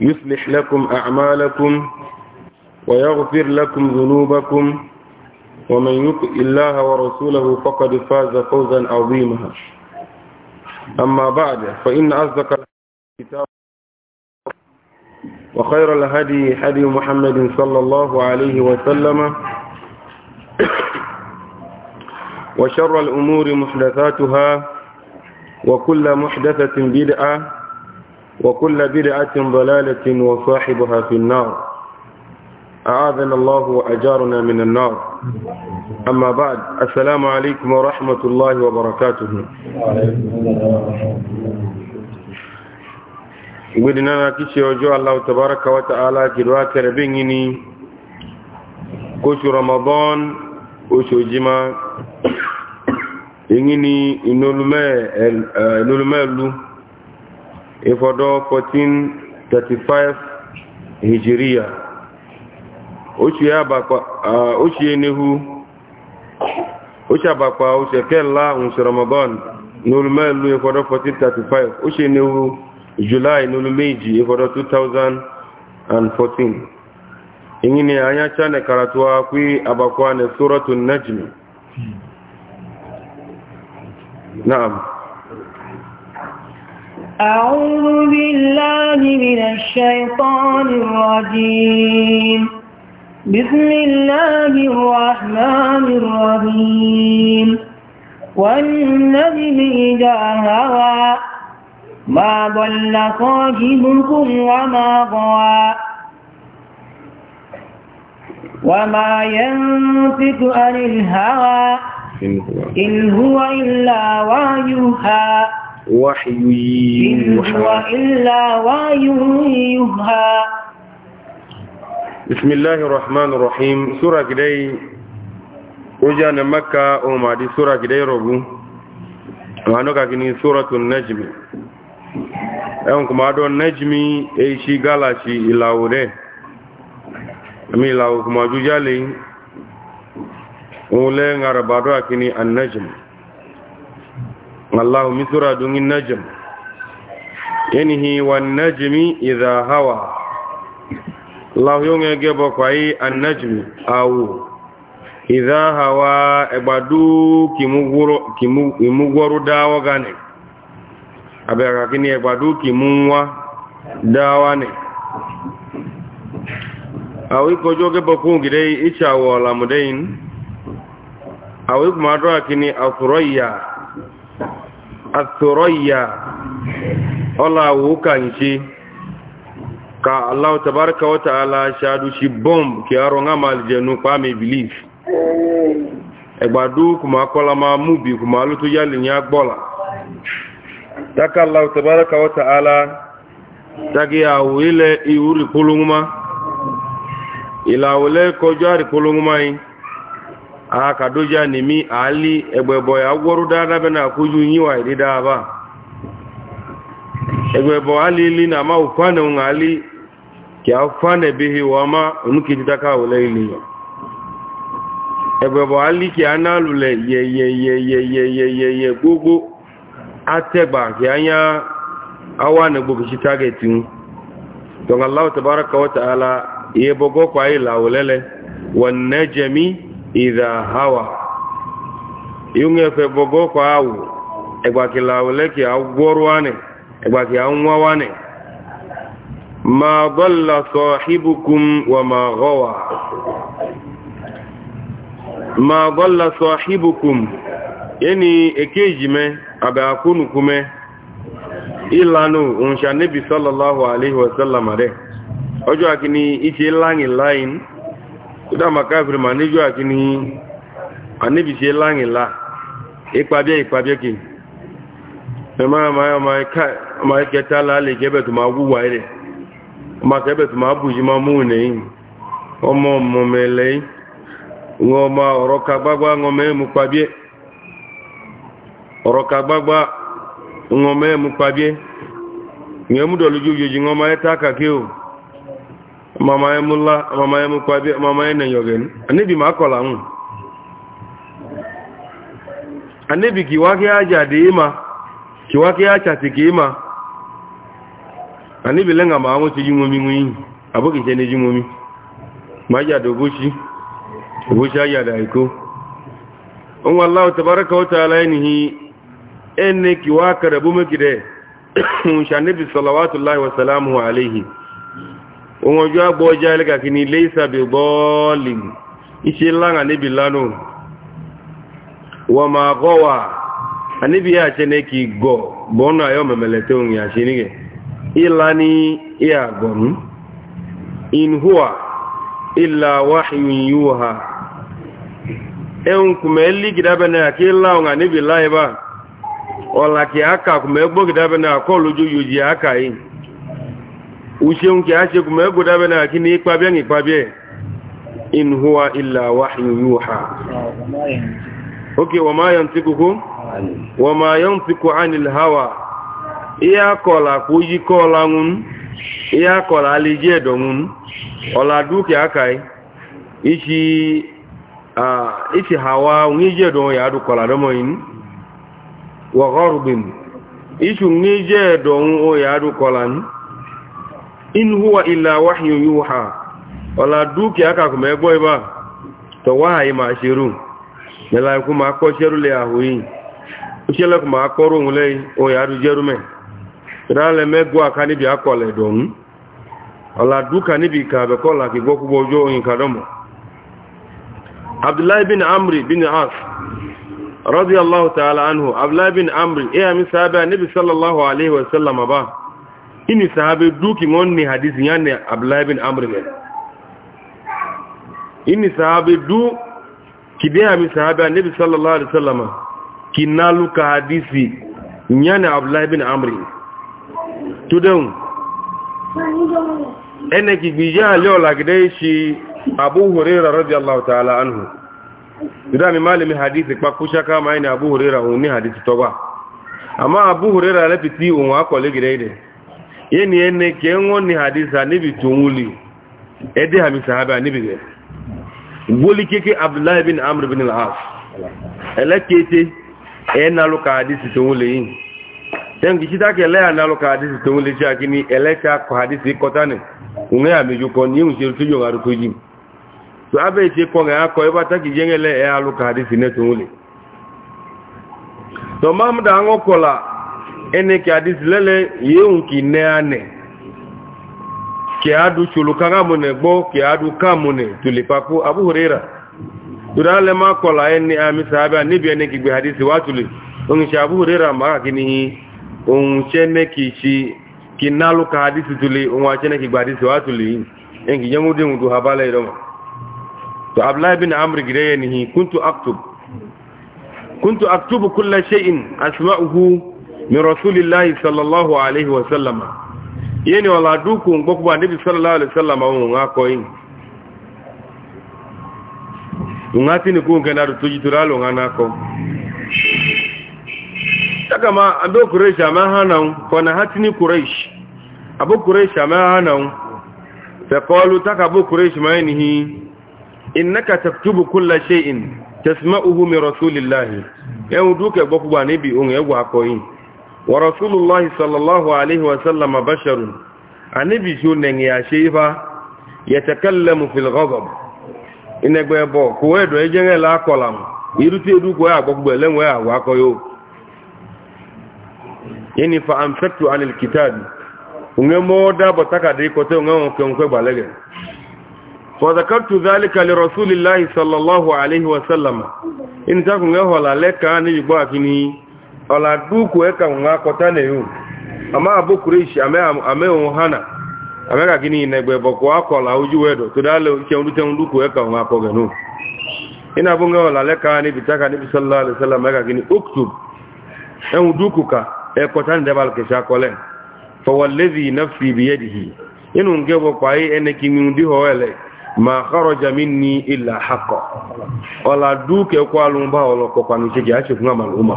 يصلح لكم أعمالكم ويغفر لكم ذنوبكم ومن يطع الله ورسوله فقد فاز فوزا عظيما أما بعد فإن أصدق الكتاب وخير الهدي هدي محمد صلى الله عليه وسلم وشر الأمور محدثاتها وكل محدثة بدعة وكل بدعة ضلالة وصاحبها في النار أعاذنا الله وأجارنا من النار أما بعد السلام عليكم ورحمة الله وبركاته ودنا kishi ojo الله تبارك وتعالى ta'ala kirwa كوش رمضان كوش جمع إنني إنولمي إنولمي ifodo 1435 hijiriya ochie n'ihu ochie abakwa ochie kella nwụsị ramadan n'olume elu ifodo 1435 ochie n'ihu julai n'olume iji ifodo 2014 ingini anya chane karatuwa kwi abakwa na suratun najmi na'am أعوذ بالله من الشيطان الرجيم بسم الله الرحمن الرحيم والنجم إذا هوى ما ضل صاحبكم وما غوى وما ينفق عن الهوى إن هو إلا وحيها وحي يوحى إلا وحي يوحى بسم الله الرحمن الرحيم سورة كدي وجانا مكة وما دي سورة كدي ربو وانوكا كني سورة النجم ẹ̀hùn kò máa dọ́n nẹ́jìmí èṣì gálàṣì ìlàwò rẹ̀ àmì ìlàwò kò máa jú jálẹ̀ òun lẹ́ ń àràbàdọ́ الله من دون النجم ينهي والنجم إذا هوى الله يوم يجيبك أي النجم أو إذا هوى إبادو كمغور داوة غاني أبقى كني إبادو كمغور داوة غاني أو يكو جوجي بكون كده إيشا ولا مدين أو يكو مدرا كني أفريا الثريا الله وكانشي ka Allah tabaraka wa ta'ala shadu shi bomb ki aro ngama aljenu kwa mi belief egbadu kuma kola ma mubi kuma lutu yali ni agbola taka Allah tabaraka wa ta'ala tagi awile iuri kulunguma ila wole ko jari kulunguma aka doja nemi ali egbebo ya gworu dada be na kuju yiwa irida ba egbebo ali li na ma ufane un ali ki afane bihi wa ma unuki ditaka ole ili egbebo ali ki analule ye ye ye ye ye ye ye ye gogo ategba ki anya awa ne gogo shi target don Allah tabaraka wa ta'ala ye bogo kwa ila olele wan najmi ìdá hawa ìhun ẹ̀fẹ̀ bọ̀gọ́kọ̀ àwò ẹgbàkìlà lẹ́kì àgbọ́rọ̀wánẹ̀ ẹgbàkì àwọnwáwánẹ̀ ma gọ́lá sọ hibukun wa ma gọ́wà ma gọ́lá sọ hibukun yẹni èkéjì mẹ́ àbẹ̀ àkúnukú mẹ́ ìlànà òǹṣà níbi sallallahu alaihi ọjọ́ àkíní ìṣe láyìn láyìn kódà makáfìrí ma níjọ àti ní àníbìsí láàrínlá ìpàbíẹ́ ìpàbíẹ́ kì ẹmọ́ ọmọ ìkẹta láàlẹ̀ kẹbẹ̀ tó máa wúwà rẹ̀ ọmọ kẹbẹ̀ tó máa bùjí máa mú nìyí ọmọ ọmọ mẹ́lẹ̀ wọn ọmọ ọ̀rọ̀ kagbágbá wọn mẹ́mú pàbíẹ́ ọ̀rọ̀ kagbágbá wọn mẹ́mú pàbíẹ́ ìyẹn mú dọ̀lójú yòjì wọn máa ẹ́ tá kàkí o mama ya mula mama ya mukwa bi mama ya nyogen anibi makola mu anibi kiwake aja deema kiwake acha tikima anibi lenga mawo ti jumumi ngwi aboki jene jumumi maja dobushi obusha ya daiko on wallahu tabaraka wa ta'ala inhi enne kiwaka rabu mukide shanibi sallallahu wa salamuhu alayhi onweju agba jali ka kini ile isabi bọọlì iṣẹ́ ńlá àníbì lánàá wọ́n máa gọ́ wà àníbì yà ṣe ní gọ̀ bọ́ọ̀nà ayọ́ mẹ̀mẹ̀lẹ̀ tó ń yà nígẹ̀ ìlà ni ìyà inhua ìlà wáhìyìn ha uche nke a chekwu ma egwu dabe na aki na ịkpabịa na ịkpabịa in huwa illa wahyu yuha ku. wama yantiku wama yantiku anil hawa ihe akọla ka oyi kọla nwun ihe akọla aliji edo nwun ọla duke akai a ichi hawa nwun ije edo ya adụkọla domoyin wa gọrbin ichi nwun ije edo nwun ya adụkọla nwun in huwa illa wahyu yuha wala duki aka kuma egbo iba to wahayi ma shiru mela kuma ko shiru le ahuyi ushele kuma akoro nle o ya ru jerume rale mego aka ni bi akole don wala duka ni bi ka be ko la ki goku bojo yin kadomo abdullah bin amr bin as radiyallahu ta'ala anhu abdullah bin amr iya misaba nabi sallallahu alaihi wasallam ba ini sahabe duki ngonni hadisi yanne abdullah ibn amr ibn ini sahabe du kidea mi sahabe annabi sallallahu alaihi wasallam kinalu ka hadisi yanne abdullah ibn amr tudon ene ki bija leo la gide abu hurairah radhiyallahu ta'ala anhu dami malimi hadisi pa kusha kama ina abu hurairah unni hadisi toba amma abu hurairah lafiti unwa ko le gide yeni ene ke ngo ni hadisa ni bitunguli ede ha misahaba ni boli keke abdullah bin amr bin al-as ala kete ena ka ka hadisi tunguli yin ten ki kita le ana lo ka hadisi tunguli ja kini ele ka ko hadisi kotane unge ami ju ko ni unse tujo ngaru tuji ka ene ke hadisi lele yeun ki ne ane ke adu chulu kanga mune gbo ke adu kamune tulipaku abu hurera durale ma kola eni ami sahaba ni bi ene ki gbe hadisi watuli ongi abu hurera ma kini on chene ki chi kinalu ka hadisi tuli onwa chene ki gbe hadisi watuli engi yamudi mudu habala iroma to abdullahi bin amr gideye ni kuntu aktub kuntu aktubu kulla shay'in asma'uhu min rasulillahi sallallahu alaihi wa sallama yeni wala duku ngbokuba nabi sallallahu alaihi wa sallama won ngako yin ngati ni kunga na tuji turalo nganako daga ma ando quraish ma hanan ko na hatini quraish abu quraish ma hanan fa qalu takabu quraish ma inhi innaka taktubu kulla shay'in tasma'uhu min rasulillahi yawduka gbokuba nabi on yego akoyin wa rasulullahi sallallahu alaihi wa sallama basharun anibi shunen ya shefa yatakallamu fil ghadab inegbe bo ko edo ejere la kolam iruti edu ko agbogbo elenwe awa koyo yani fa amsaktu anil kitab unge moda botaka de ko te unge onke onke balege fa zakartu dhalika li rasulillahi sallallahu alaihi wa sallama in ta ko ngehola leka ni gbo akini ọla dukwu ka nwa akọta na ewu ama abokurishi ame ohana ame ka gini na egbe bọkwa akọla ojú wedo to dale ike nrute dukwu ka nwa akọ ganu ina bunga ọla leka ni bitaka ni sallallahu alaihi wasallam ka gini uktub Enwu dukwu ka e kọta ni debal ke shakole fa wallazi nafsi bi yadihi inu nge bọkwa yi eneki ndi hoele ma kharaja minni illa haqqo ọla duke kwalu ba olo kokwa ni chege a chekwa maluma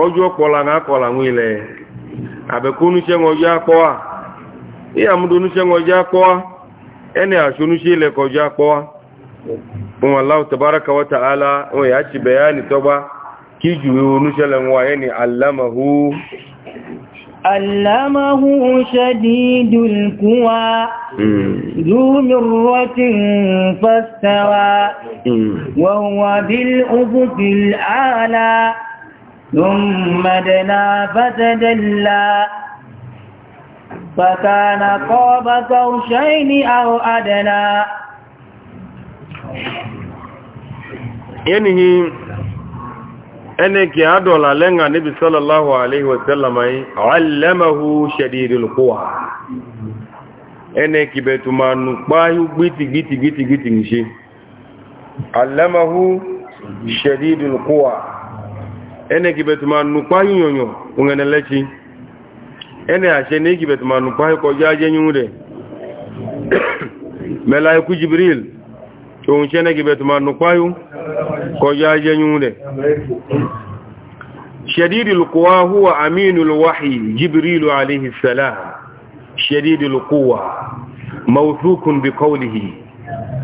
ọjọ́ kpọla ŋa kọla ŋu ilẹ̀ àbẹ̀kú oníṣẹ́ ŋọjọ́ akpọ́wa ìyàmúdo oníṣẹ́ ŋọjọ́ akpọ́wa ẹni àṣọ oníṣẹ́ ilẹ̀ kọjọ́ akpọ́wa wọn aláwọ̀ tabaraka wa ta'ala wọn yà á ti bẹ̀yà ní tọ́gbà kí jùwé alamahu. alamahu shadidul kuwa hmm. fastawa hmm. wa bil ala. ثم دنا فتدلى فكان قاب قوسين أو أدنى yanihi ẹni kí a dọ̀la lẹ́nà níbi sallallahu alaihi wasallama yi alẹ́mahu ṣadidul kowa ẹni kí bẹ̀ tuma nùpá gbítì gbítì gbítì gbítì ṣe alẹ́mahu ṣadidul kowa ene gibetuma nukpa yunyonyo ungene lechi ene ashe ne gibetuma nukpa ko jaje nyude melaiku jibril tun chene gibetuma nukpa yu ko jaje nyude shadidul quwa huwa aminul wahyi jibril alayhi salam shadidul quwa mawthukun biqawlihi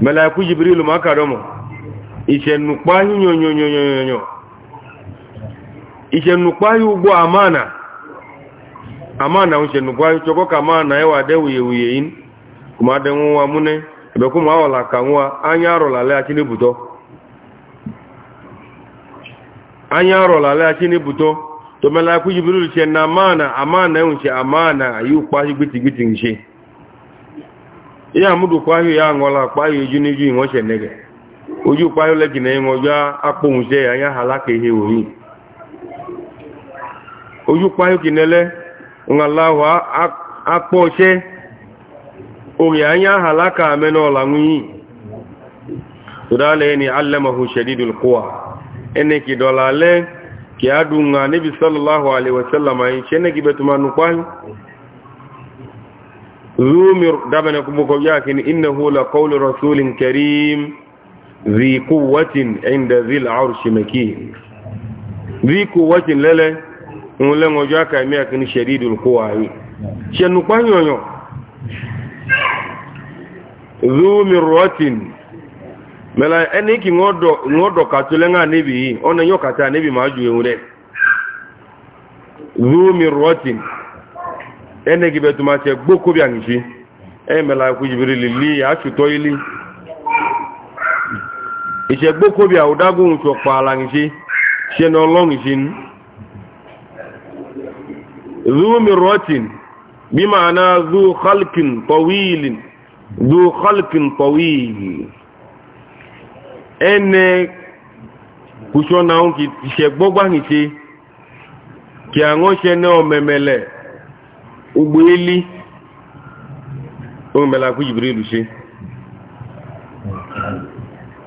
malaiku jibril makadomo ise nukpa ichenukpaghị ugbo amana amana uchenukpaghị chọkọ ka amana ewa de wuye wuye in kuma de nwa mune ebekwu ma ọla ka nwa anya arọlala achinibuto anya arọlala na amana amana enwuche amana yi ukpaghị gbitigbiti nche ihe amụdukpaghị ya aṅụla akpaghị eju n'iju inwe oche nege ojú kpaghị legi na ya anya ha ala ka ihe ojú páyókì nẹ́lẹ́ ńláwà apọ́ṣẹ́ orí anyá àlákà mẹ́nà ọ̀làwún yìí tòdálẹ̀ ni alẹ́mọ̀hù ṣẹ̀dídùn kọwà ẹni kì dọ̀là alẹ́ kì á dùn ńà níbi sallallahu alaihi wasallam ayin ṣe ní kíbẹ̀ tó máa nù òun lẹ́wọ̀n ọjọ́ àkàìmí àkíní ṣẹ̀rí ìdòlùkó ààyè ṣẹ̀nù pányọ̀yàn zoomi rotin mẹ́la ẹni kí wọ́n dọ̀kàtó lẹ́ngà níbi yìí ọ̀nà yóò kàtà níbi máa ju ewu rẹ̀ zoomi rotin ẹni kí bẹ̀tù máa ṣe gbókó bí àǹṣí ẹ mẹ́la ikú jìbìrì lìlí àṣùtọ́ ilé ìṣẹ̀gbókó bí àwòdágún ṣọ̀pá àlàǹṣí ṣẹ̀nà ọlọ́ǹṣí ذو مرة بمعنى ذو خلق طويل ذو خلق طويل ẹnẹ kùsọ́nà ohun kì í ṣe gbọ́gbàhìn ṣe kì àwọn ṣe náà mẹ́mẹ́lẹ̀ ugbò ilé ohun mẹ́la kú jìbìrì ìlú ṣe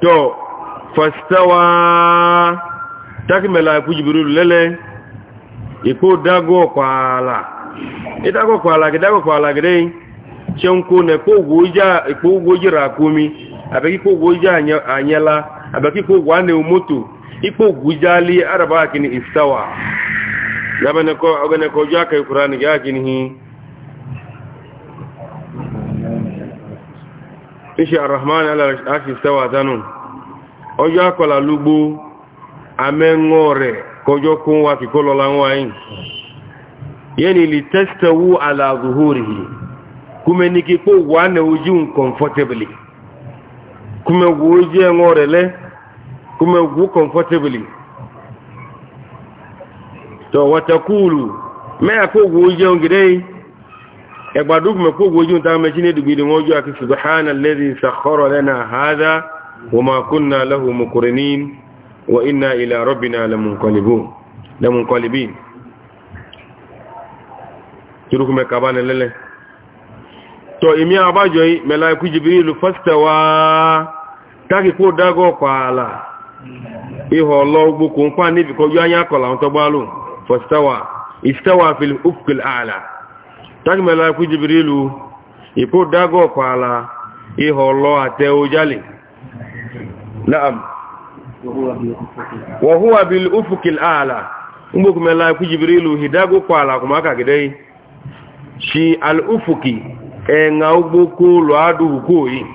tọ́ fàṣítàwà tákì kú jìbìrì ìlú lẹ́lẹ́ iko dago kwala idago kwala gidago kwala gidai chen ko ne ko goja ko gojira kumi abeki ko goja anyela abeki ko gwane umutu ipo gujali araba kini istawa yabane ko abane ko jaka qur'an ga kini hi ishi ala istawa tanun ojo akola lugbo amengo re kọjọ́ kún wa kí kó lọ́la wọ́n yìí yẹni lè tẹ́sítẹ̀wó aláàzùhórí kúmẹ́ ní kí pó wà ní ojú kọmfọ́tẹ́bìlì kúmẹ́ wò ó jẹ́ ẹ̀wọ̀n rẹ̀ lẹ́ kúmẹ́ wò kọmfọ́tẹ́bìlì tọ́ wọ́tẹ̀kúùlù mẹ́à pó wò ó jẹ́ òǹgìdẹ́ yìí ẹgbàdúgbùmẹ́ pó wò ó jẹ́ òǹtàmẹ́sí ní dùgbìdì wọn ojú wa inna ila rabbina lamunqalibun na kabane lele to imi abajo yi melaiku jibril fastawa taki ko dago pala iho lo gboku npa ni bi ko yo anya kola on to gbalu fastawa istawa fil ufq al a'la taki melaiku jibril ipo dago pala iho lo ate ojale na'am wa huwa bil ufuqil a'la umbo kumela ku jibrilu hidagu kwala kuma ka gidei shi al ufuqi e nga ubuku lo adu hukui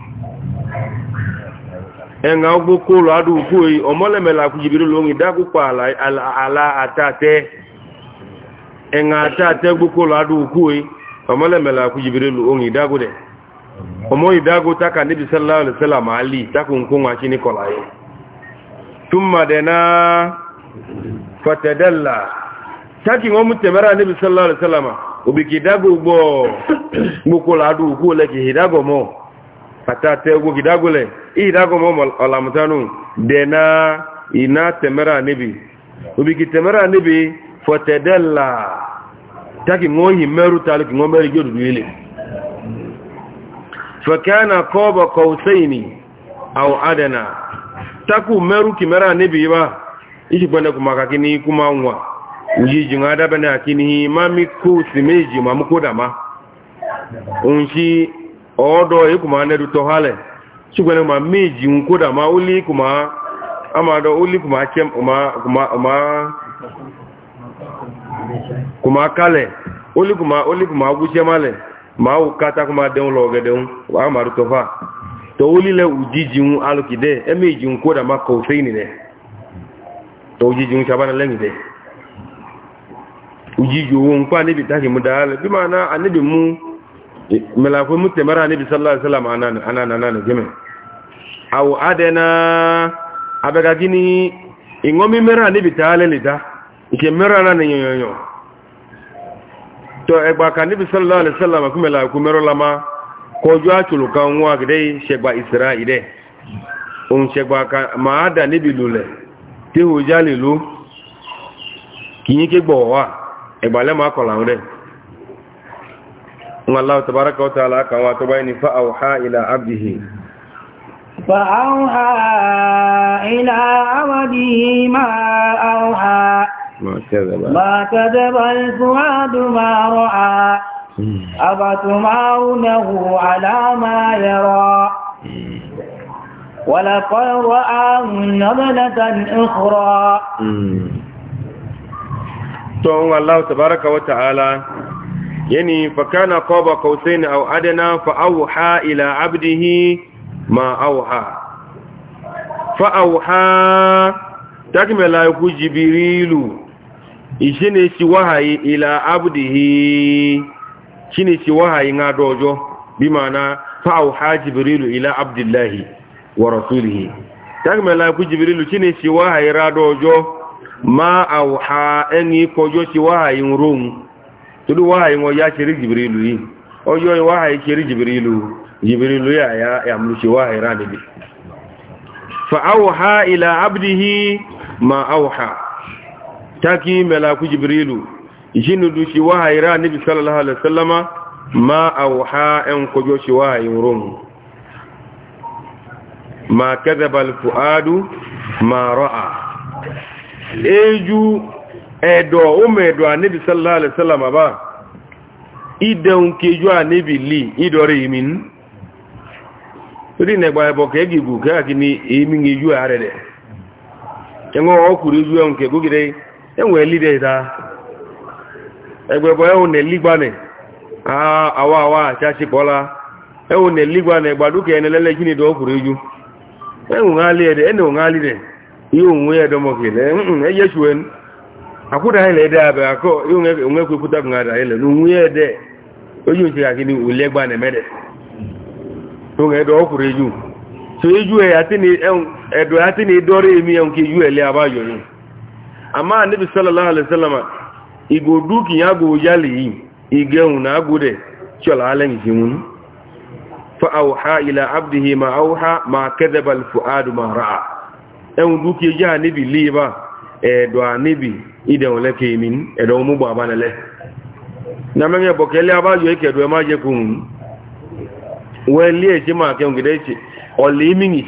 e nga ubuku lo adu hukui omole mela ku jibrilu hidagu kwala al ala atate e nga atate buku lo adu hukui omole mela ku jibrilu hidagu de omo hidagu taka nabi sallallahu alaihi wasallam ali takun kunwa shi ni kolayo ثم دنا فتدلى taki wọn mú tẹ̀mẹ́rà níbi sallallahu alaihi wasallam òbìkì dágò gbọ́ gbókò ládù òkú lẹ́kì ìdágò mọ́ àtàtẹ ogun ìdágò lẹ̀ ìdágò mọ́ ọ̀làmùtánù dẹ̀nà iná tẹ̀mẹ́rà níbi òbìkì tẹ̀mẹ́rà níbi fọ̀tẹ̀dẹ́là taki wọn yìí mẹ́rù tààlù kì taku meru kimera ne bi ba iji bane kuma ka kini kuma nwa uji ji nga da bane akini ma mi ku simeji ma muko da ma unshi odo e kuma ne du to hale shi bane ma meji nko da ma uli kuma ama do uli kuma chem kuma kuma kuma kuma kale uli kuma uli kuma gushe male ma ukata kuma den lo gede un wa ma to fa towulile ujijin alukide emejin koda maka ofeini ne to ujijin shabana lengide ujiju wo npa nibi taki mu daale bi mana anibi mu melafo mu temara anibi sallallahu alaihi wasallam anan anan anan geme aw adena mera anibi taale lita mera na nyoyo to egba kanibi sallallahu kọjú àtòlùkà wọn àgẹ́dẹ́ ṣẹgbà ìsìnra ìdẹ́ ohun ṣẹgbà máa dà níbi lulẹ̀ tí ó já lè ló kìí ké gbọ̀wọ̀ wà ẹgbàlẹ́ máa kọ̀lá rẹ̀ ń aláwọ̀ tàbárakà ọ̀tà aláàkàwà tó ما كذب الفؤاد ما رأى أفتمارونه على ما يرى ولقد رآه نظلة أخرى تقول الله تبارك وتعالى يعني فكان قاب قوسين أو أدنى فأوحى إلى عبده ما أوحى فأوحى تكمل لك جبريل إشنش وهي إلى عبده chineke wahayin ada ọjọ bi mana fa'au ha jibrilu ila abdullahi wa rasulihi tag malaku jibrilu chineke wahayin rada ọjọ ma au ha ẹni kọjọ ti wahayin rom tudu wahayin wa ya kiri jibrilu yi ọjọ yi wahayin kiri jibrilu jibrilu ya ya ya mulki wahayin rada bi fa'au ha ila abdihi ma au ha taki malaku jibrilu jinu du shi wahayi ra nabi sallallahu alaihi wasallama ma auha en kojo shi wahayin rum ma kadhaba al fuadu ma ra'a eju edo umedo anabi sallallahu alaihi wasallama ba ideun keju anabi li idore imin ri ne gba ebo ke gigu ka kini imi ngeju are de enwo okuru eju en ke gugide enwe li de ẹgbẹ̀bọ̀ ẹ̀hùn nẹ̀ lígbànẹ̀ àwọ̀ àwọ̀ àṣàṣepọ̀lá ẹ̀hùn nẹ̀ lígbànẹ̀ gbàdúkẹ̀ ẹni lẹ́lẹ́jì ní ìdọ́kùnrin ojú ẹ̀hùn alì ẹ̀dẹ̀ ẹni òun alì rẹ̀ yóò ń wé ẹ̀dọ́mọ̀kẹ̀lẹ̀ ẹ̀yẹ́ṣù ẹni àkúdà ilẹ̀ ẹ̀dẹ́ abẹ́ akọ́ yóò ń ẹ̀kọ́ ikú tàbí àdà ilẹ̀ ní òun ẹ̀dẹ́ ojú ń ṣe àkíní òlẹ́gbànẹ̀ mẹ́rẹ̀ òun ẹ̀dọ́ ọkùnrin ojú so ejú ẹ̀hùn kí ejú ẹ̀lẹ́ abáyọ̀ igo ki ya go yali igeun na gude chola alen jimun fa awha ila abdihi ma awha ma kadhaba al fuad ma ra'a en duki ya ni bi liba e do anibi ide ole min e do mu baba nele na menye bokele aba yo ke do ma je kun weli ma ke ngide chi oli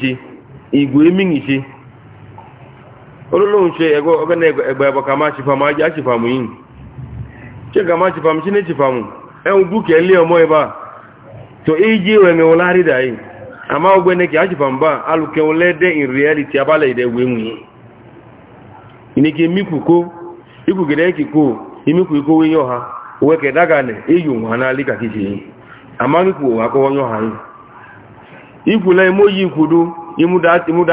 igwe ego chika ma chipam chine chipam enwu buka eli ọmọ ịba to iji weme ụlarị dayi ama ogbene ka achipam ba aluke ulede in reality abalị ide egwu enwu inike mikuko ikugide ekiko imiku iko wenye ọha uwe kedagane iyi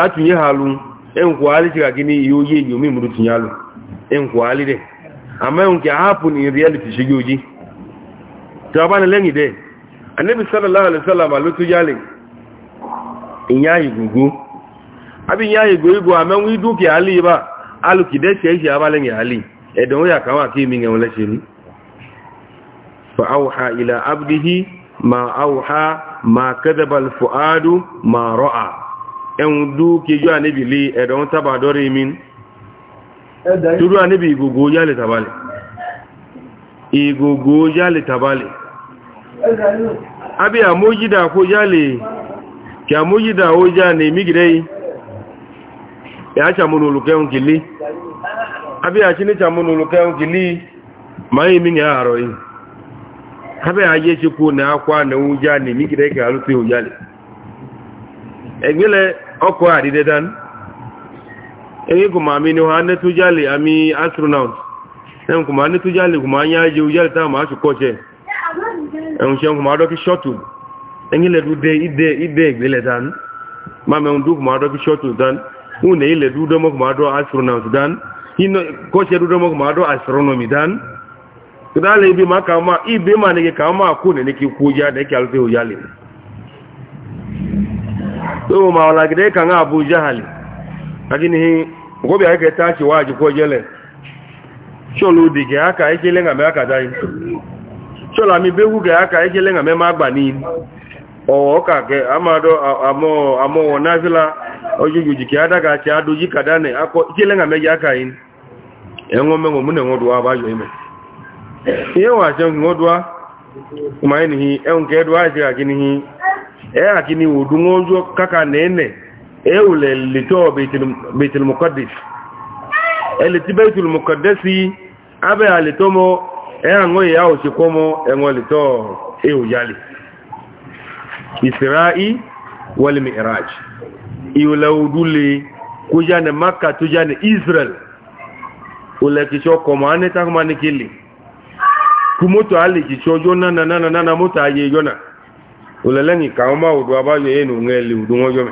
atụnye ha alụ enwukwaghalị chika gị n'iyi oyi eyi mụrụ tinye alụ enwukwaghalị amma ke hapun in reality shigoji ta ba na lẹ́yìn dẹ́ annabi sallallahu alaihi wasallam ló in ya gugu abin ya yi goyigo a mẹ́wọ́n idu ke hali ba alukide ṣe ṣe ba lẹ́yìn hali ẹ̀dọ̀n ó yà káwọn àti mi gẹ̀wọ́n lẹ́ṣẹ̀ ní fa'auha ila abdihi ma auha ma fu'adu ma ro'a annabi min turu anibi igogo yale tabale igogo yale tabale abi amojida ko yale ki amojida o ja ni migirei ya chamunu lukeun kili abi a chini chamunu lukeun kili mai mi ya haro yi abi a ye chi ko na akwa na uja ni migirei ka aluti o yale egbele ọkọ̀ àdídẹ́dánú ege kuma amini ha ne tujali ami astronaut en kuma ne tujali kuma anya je ujali ta ma su koche en se kuma do ki shotu en ile du de ide ide gbele dan ma me ndu kuma do ki shotu dan un ne ile du do kuma do astronaut dan hino koche du do kuma do astronomy dan kudale ibi ma ka ma ibi ma ne ka ma ku ne ki kuja ne ki alfe ujali to ma wala gide kan abu jahali aginihi gobe aka tashi waji ko jele sholu dige aka eke lenga me aka dai shola mi bewu ge aka eke lenga me ma gba ni owo ka ke amado amo amo wonazila ojuju jike adaga ti adoji kadane ako eke lenga me aka yin enwo mengo mune ngodwa abayo ime iye wa je ngodwa kuma enihi enke edwa je aginihi e agini odungo ojo kaka nene ewule lito baitul muqaddis eliti baitul muqaddisi abe alitomo eyango ya osikomo engo lito eujali isra'i wal mi'raj iulauduli kujane makka tujane israel ule kicho komane takmani kili kumoto ali kicho jona na na na na moto aye jona ule lengi kaoma udwa bayo yenu ngeli udungo jome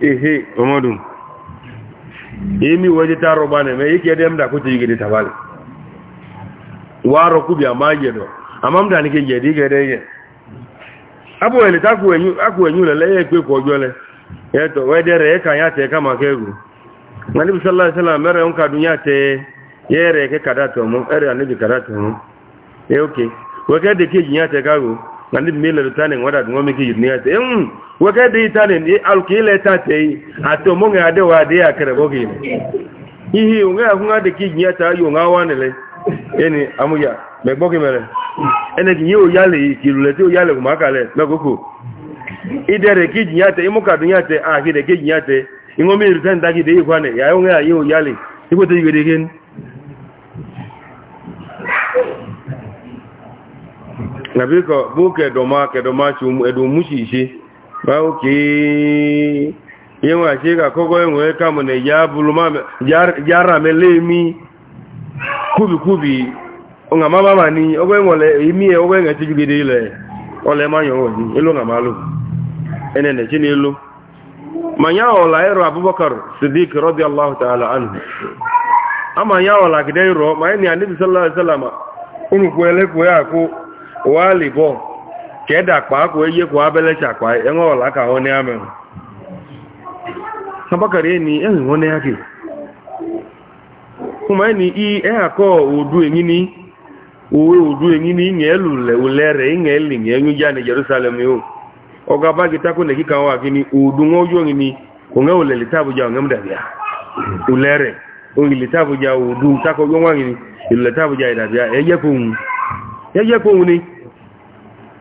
ehe omadu emi waje taro bane me yike dem da ko tigi ni tabale waro kubi amaje do amam da ni ke je dige de ye abu ele ta ku enyu aku enyu le le pe ko ojo le e to we de re ka ya te ka ma ke gu mani bi sallallahu alaihi wasallam mere onka dunya te ye re ke kada to mu ere ani bi kada to mu e okay we ke de ke nya te ka gu na ndị mmiri lere tanin wada dị nwome gị ne ya te mm wege dị tanin alụka ile ta te ate mụ ga adị wa adị ya kere bogi ihe onwe ahụ nga dị ka iji ya ta yo nga wa nele eni amuya me bogi mere ene gị ya oyale ki lulete oyale ma aka le me goko idere ki iji ya te imu ka dunya te a ah, ki de ki iji ya te inwome iruten da gị de igwa ne ya onwe ya ye oyale ikwete igwede gị nàbí kọ bó kẹdọ̀má kẹdọ̀má ẹ̀dùnmúṣì ṣe báwo kìí yẹwọ̀n àṣẹ àkọ́kọ́ ẹ̀wọ̀n ẹ̀ka mọ̀nà yára mẹ́lẹ́mí kúbìkúbì ọ̀nà má bàbà ní ọgbẹ́ ẹ̀wọ̀n èmi ẹ̀ ọgbẹ́ ẹ̀wọ̀n ẹ̀tẹ́jú gidi ilẹ̀ ọlẹ́ má yọ̀ wọ̀n ní ilú ọ̀nà má lò abubakar siddiq rọ́bì ta'ala anhu a manya ọ̀la kìdẹ́ ìrọ̀ ma ẹni e àníbi wali bo keda kwa ko ye ko abele cha kwa en ola ka one amen sabakare ni en one yake kuma ni i e ako odu enyini owe odu enyini nye lule ulere nye linye nyuja ni Jerusalem yo ogaba gitako ne kika wa kini odu ngojo ngini onge ulele tabu ja onge mdabia ulere onge tabu ja odu tako gwa ngini ulele tabu ja idabia ejekun ejekun ni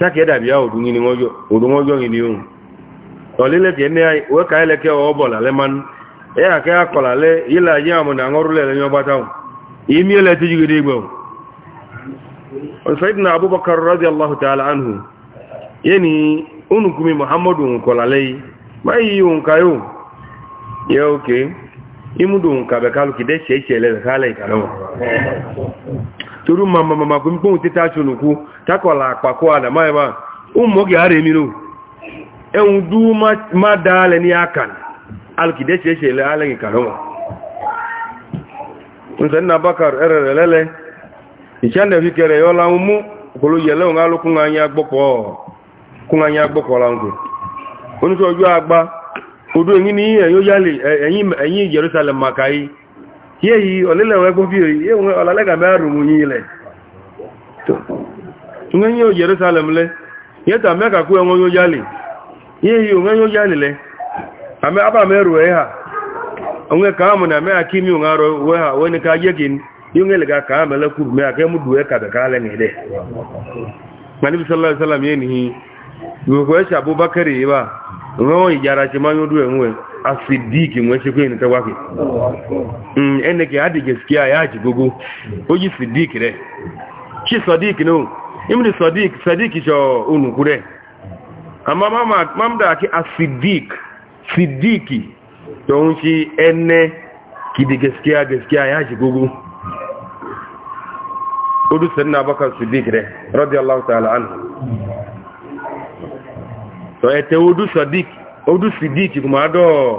taki ya òdúnwọ́jọ́ yìí ni ó ọ̀lẹ́lẹ́ kẹ́ ní wẹ́ka ẹlẹ́kẹ́ ya ya máa ń ẹ́ ya ya na ayé àmúnà ọrúlẹ̀ lẹ́yìn ọba imi ìmí ẹlẹ́ tí jígide gbọ́n ọ̀sẹ̀dìnà abubakar rọ́dí allahu ta'ala anhu yé ya onukumi muhammadu nkọ̀lálẹ́ yìí máa yí òǹkà yóò yẹ òkè imúdò òǹkà bẹ̀kálùkì dẹ́ ṣẹ̀ṣẹ̀ lẹ́ toru mama mama nke mkpo tete acho nuku takola akpako ala maiba ummo gi are mi no ma ma dale ni akan alkide che che le ala ngi kaloma unzen na bakar erelele ichande fikere yola umu kolo ele o ngalo anya gboko kun anya gboko la ngu onu so agba odo yin ni e, eyin jerusalem maka eyin yeyi olile wee gobi oyi ye nwe olale ga mea rumu nyile nwe nye o jerusalem le ye ta me ka kuwe nwe yali yeyi nwe nye yali le ame aba ha onwe ka na me akimi nwe aro ha we ni ka ye gin yo ngele ka amele kuru me ake e ka be ka le ngede nwewo ijara ci manyo duwe nwe asidiki nwe shi kwini tawaki mm ene ke hadi gaskiya ya ji gugu oji sidiki re shi sadiki no imni sadiki sadiki jo unu kure amma mamda ki asidik sidiki to ene kidi gaskiya gaskiya ya ji odu sanna bakar sidiki re radiyallahu ta'ala anhu ẹ̀tẹ̀ odú sidiki kuma dọ́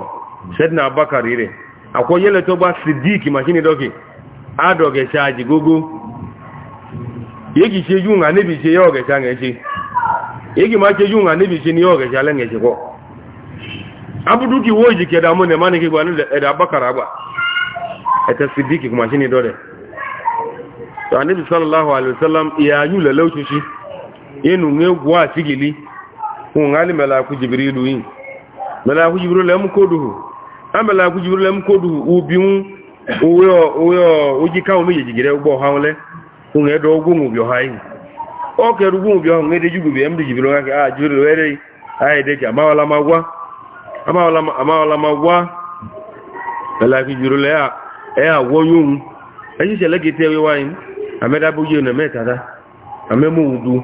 ṣẹ́dínà abakari rẹ̀ àkọ́ yẹ́lẹ̀ tó bá sidiki machini dọ́kì adọ̀gẹ̀ ṣáàjì gógó yégi ṣe yún à níbi ṣe yọ́ ọ̀gẹ̀ ṣáàgẹ̀ ṣe yégi má ṣe yún à níbi ṣe ní ọ̀gẹ̀ ṣáàlẹ́gẹ̀ ṣe kọ́ abuduki wo jì kẹdà mọ́ nẹ̀má ní kígbà ẹ̀dà abakara gbà ẹ̀tẹ̀ sidiki kuma ṣini dọ́rẹ̀ so anibi sallallahu alaihi wasallam ìyá yún lẹ̀lẹ́ ngali mela ku jibrilu yi mela ku jibrilu lem ha amela ku jibrilu lem kodu ubiun uyo uyo ujika o meje jigire ugbo haunle unge do ogun ubio hai o ke rugun ubio nge de jugu bi emdi jibrilu ngake ah jibrilu were ai de jama wala magwa ama wala magwa jibrilu ya e wi wayin ameda na metada amemu udu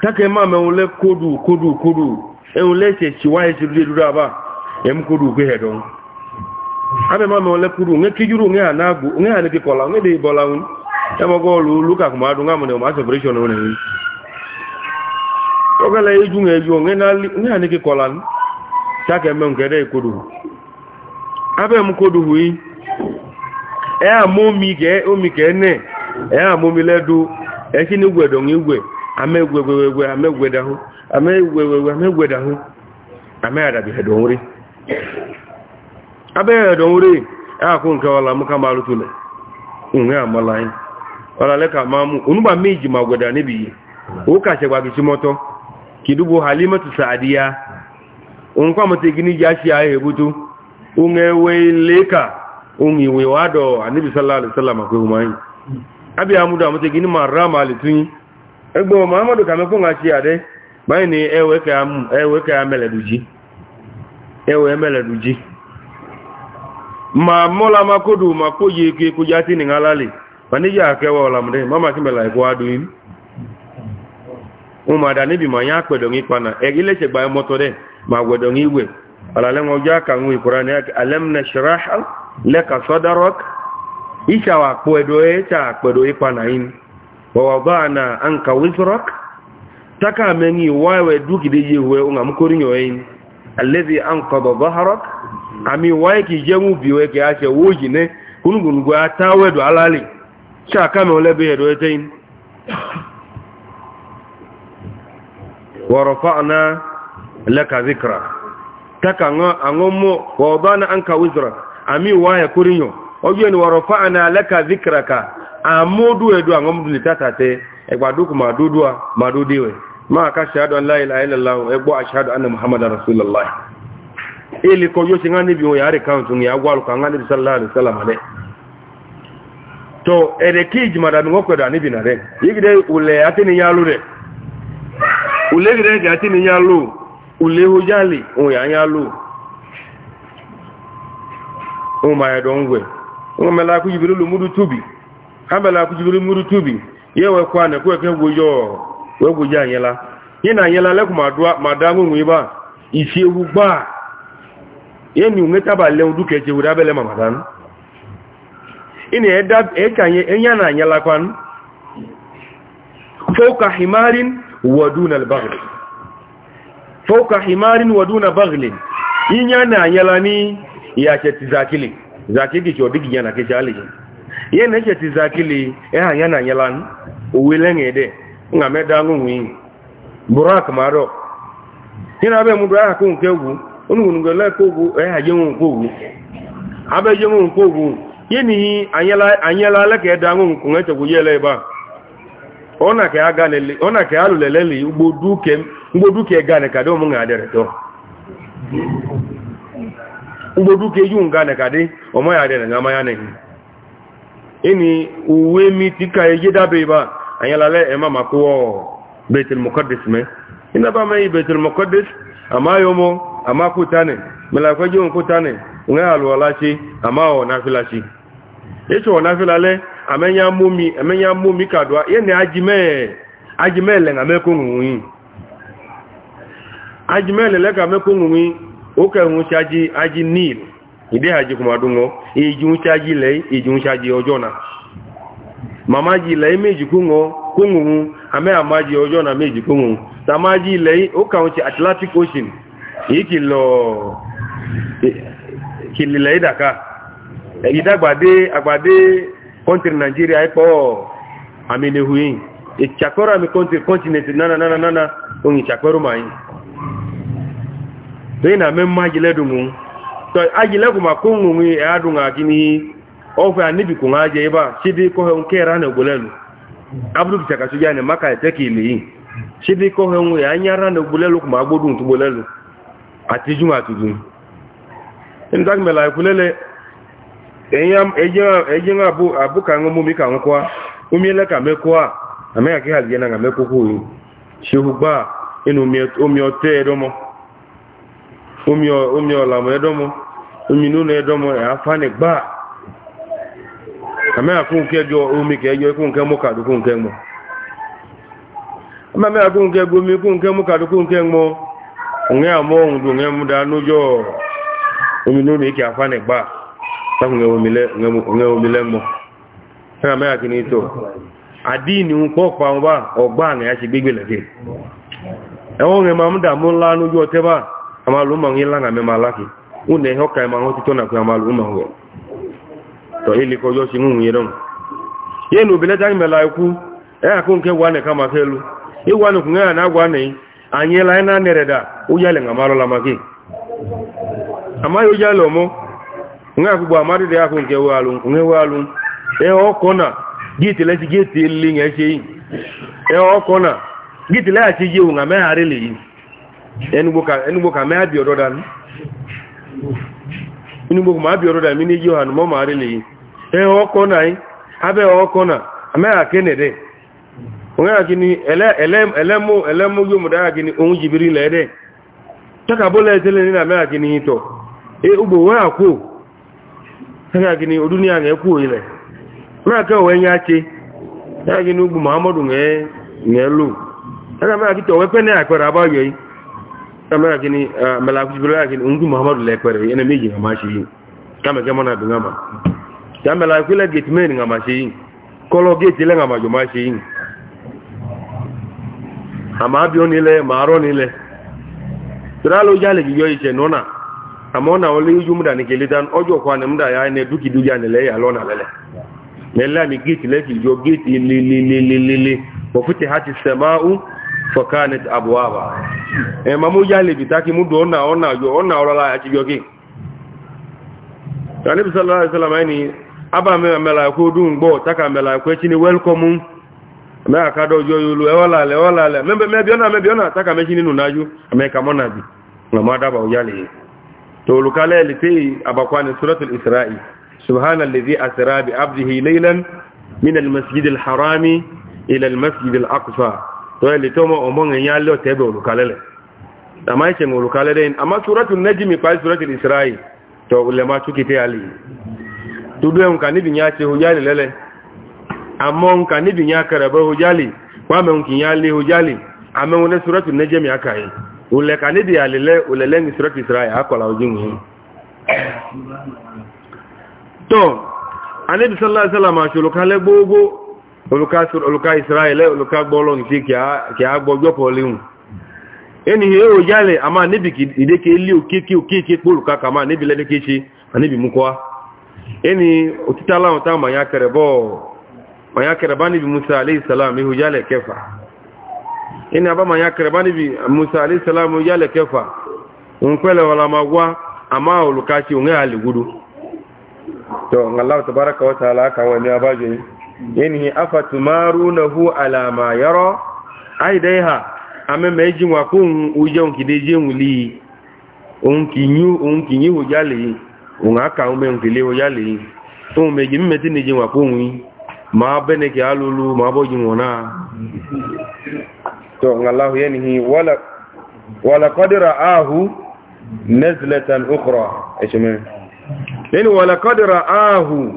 kaka ema ma enwule kodu kodu kodu enwule eche chiwa eche ruru eruru aba em kodu kwe hedon abe ma ma enwule kodu nge kijuru nge ha nagu nge ha nege kola nge de bola un ebo go lu luka kuma adu nga mune ma separation one un ogala eju nge eju nge na nge ha nege kola n kaka eme nke de kodu abe mu kodu hui e amomi ke omi ke ne e amomi ledu e kini gwedo nge gwedo amegwegwegwe amegwedahụ amegwegwegwe amegwedahụ ameghadabihedonwuri abeghedonwuri akụ nke ọla m ka marụ nwe amala anyị ọlale ka mamụ onugba mme iji ma gweda n'ebighị ụka chegwa gị chimọtọ kidubu halimatu saadiya nkwa mụta gị n'iji achị ahụ ebutu unwe wele ka unwe iwe wadọ anibi sallallahu alaihi wasallam akwai umanyi abi amudu amuta gị ni ma rama alitunyi ẹgbọ́ mọ́hàmàdù kàmẹ́kùn àti àdé báyìí ni ẹwẹ́ kẹ́ amẹ́lẹ̀dù jí ẹwẹ́ mẹ́lẹ̀dù jí máa mọ́lá máa kó dùn máa kó yé eku eku já sí nìyà lálẹ́ wàníyà akẹ́wà ọ̀làmùdé mọ́mà kí mẹ́lẹ̀ ẹ̀kọ́ adùn yìí wọ́n máa dà níbi máa yá pẹ̀lú ní paná ẹ̀gílẹ́sẹ̀ gba ẹ mọ́tọ́ dẹ̀ máa wẹ̀dọ̀ ní ìwẹ̀ alẹ́mọ̀ọ́jọ́ wa wada'na anka wizrak taka mengi wawe duki de yewe unga mkori nyoyin alladhi anqadha dhahrak ami wae ki jemu biwe ke ache woji ne kunungun gwa tawe do alali cha kame ole be do etein wa rafa'na taka ngo angomo wa wada'na anka wizrak ami wae kurinyo ojo ni wa rafa'na laka amodu edu angom du ni tata te egba duku ma dudua ma dudiwe ma ka shahadu an la ilaha illallah egbo ashhadu anna muhammadar rasulullah ili ko yosi ngani bi o yare count ni agwal ko ngani bi sallallahu alaihi wasallam ale to ere kij ma da ngokwe da ni bi na re yigide ule atini yalu re ule gire ja atini yalu ule ho jali o ya yalu o ma ya don gwe o me la ku yibiru lu mudu tubi abala kujibiri muru tubi ye we kwa ne ko ke woyo we go ja yela ye na yela le kuma dua madamu mu iba isi ewu gba ye ni unge taba le ndu keje wura bele mama dan ini eda e kanye enya na yela kwan fawqa himarin wa duna al-baghl fawqa himarin wa duna baghl inya na yela ni ya chetizakili zakigi chodigi yana kejali jana ye na-echetizi akili ịha ya na anyela owelengede nga medanụ nwe bụrụ akụmarọ ihe na-abịa mụrụ aha kụ nke ugwu onugwu leka ugwu ịha je nwe nke ugwu abịa je nke ugwu ihe na ihe anyela aleka ede ya ele ebe a ọ na ka a lụleleli ke gane ka dị ụmụ nga adịrị tọ mgboduke ju nga ne ka dị ya adịrị nga na ihe ini uwe mi ti tika ye dabe ba anyala le ema makuwo baitul muqaddas me ina ba mai baitul muqaddas ama yomo ama kutane mala ko jun kutane nga alu alachi ama o na filachi eto na filale amenya mumi amenya mumi kadwa ye ne ajime ajime le nga meko nwi ajime le le ka meko nwi o ka hun chaji aji nil ìdí àjí kùmà dúnwọ́ èjì ń ṣájí lẹ́ èjì ń ṣájí ọjọ́ náà màmá jí lẹ́ méjì kúnwọ́ kúnwọ́ àmẹ́ àmájí ọjọ́ náà méjì kúnwọ́ tàmá jí lẹ́ ó kàwọn ti atlantic ocean èyí kì lọ kìlìlẹ̀ ìdàká ìdàgbàdé àgbàdé kọ́ntìrì nàìjíríà ẹ̀pọ̀ àmìnihuyin ìṣàkọ́rọ̀ àmì kọ́ntìrì kọ́ntìnẹ̀tì nánà nánà òun ìṣàkọ́rọ̀ màáyìn so ajile kuma kungu e eh, adu nga kini ofa anibi kunga je ba shidi ko he unkera na golelu abdu chaka sujane maka tekili shidi ko he un ya eh, nyara na golelu kuma agbodun tu golelu ati juma tudu ndak mela kulele enyam ejema ejema abu abu kangu mumi kangu kwa umiele kamekwa ameka ki haljena ngamekuku shugba inu mi omi ote edomo omi la olamu edomo Eh, omi nínú ẹdọmọ ẹ̀ afánì gbà kàmẹ́rà fún kẹjọ omi kẹjọ fún kẹmọ kàdù fún kẹmọ kàmẹ́rà fún kẹgbọ omi fún kẹmọ kàdù fún kẹmọ òun àmọ́ òun dùn ẹmú dánújọ́ omi nínú ìkẹ afánì gbà sáfún omi lẹ́mọ kàmẹ́rà kì ní tó àdínì ń pọ̀ pa wọn máa lákìí une hoka ma hoti tona kwa mal uma ho to ili ko yo simu yero yenu bele tang me la ku e akun ke wane kama kelu i wane ku ngana gwa nei anye la na nereda u yale ngamalo la maki ama yo yale mo nga ku bwa mari de akun ke walu nge walu e okona giti le giti li nge shei e okona giti le achi ji u ngame harili enu boka enu boka me abi ododan inú gbogbo máa bí ọ̀rọ̀ dà mí ní yíò hàn mọ́ máa rí lèyí ẹ ọkọ̀ náà abẹ́ ọkọ̀ náà amẹ́ra kénèdè òun yà kíni ẹlẹ́mú ẹlẹ́mú yóò mú dára kíni òun jìbìrì lẹ́ẹ̀dẹ́ takàbó lẹ́ẹ̀tẹ́lẹ̀ nínú amẹ́ra e ugbò wọ́n àkó takà kíni odúnìyà rẹ̀ kú ilẹ̀ mẹ́ra kẹwọ̀ ẹ̀yà ṣe takà kíni ugbò muhammadu rẹ̀ lò takà mẹ́ra kama kini eh, malaku jibril kini ungu muhammadu le kwere yana meji nga mashi kama kama na dunga ma ya malaku le gate men nga mashi kolo gate le nga majo mashi ama bi oni le maro ni le tralo jale gi yoyi che nona ama na ole yuju ni kilitan ojo kwa ne muda ya ne duki duja ne le ya lona lele nella ni gate le ki jo gate li li li li li wa futihati samau fọkànit abuwaba ẹ̀mà mú yálè bí tákí mú dùn ọ̀nà ọ̀nà yọ ọ̀nà ọ̀rọ̀lá àti yọ kí ṣàníbi sọ́lọ́lá ìsọ́lọ́mà ẹni abà mẹ́la ẹ̀kọ́ dùn gbọ́ tákà mẹ́la ẹ̀kọ́ ẹ̀kí ni wẹ́lkọ́mù mẹ́àkádọ́ yọ yọlu ẹwọ́lálẹ̀ ẹwọ́lálẹ̀ mẹ́bíọ́nà mẹ́bíọ́nà tákà mẹ́kí nínú náyú amẹ́ka mọ́nà bí suratul isra'i subhana lèzi asirabi abdihi laylan min almasjid alharami ila almasjid alaqsa to ele tomo omon nya lo tebe ulukalele ama yake ulukalele ama suratul najmi pa suratul isra'i to ulema tukite ali tudu en kanibi nya che hujali lele amon kanibi nya karaba hujali kwame unki nya le hujali ame wona suratul najmi akai ule kanibi alile ulele ni suratul isra'i akola ojinwu to anabi oluka israel oluka gbọ́lọ́ nke kí a gbọ́jọ́ pọ̀ léhùn ẹni yẹ́ o yálẹ̀ a máa níbi ìdékẹ́ ilé òkèké òkèké pòlùká ka máa níbi lẹ́dẹ́kẹ́ ṣe a níbi mú kọ́ ẹni òtítà láwọn tá màá kẹrẹ̀bá níbi musa aleyhisalam ihu yálẹ̀ kẹfà ẹni abá màá kẹrẹ̀bá níbi musa aleyhisalam ihu yálẹ̀ òun ẹ̀ àlè gudu ń aláwọ̀ tabaraka wọ́ta aláàkàwọ̀ ẹ̀mí abájọ́ yìí yanihi afatumarunahu ala ma yara ai dai ha amema eji nkide je nwuli onkinyu onkinyi ho jale unga ka ume nkile mmetụta jale to je nwa ma bene ke ma to ngallahu yanihi wala wala ahụ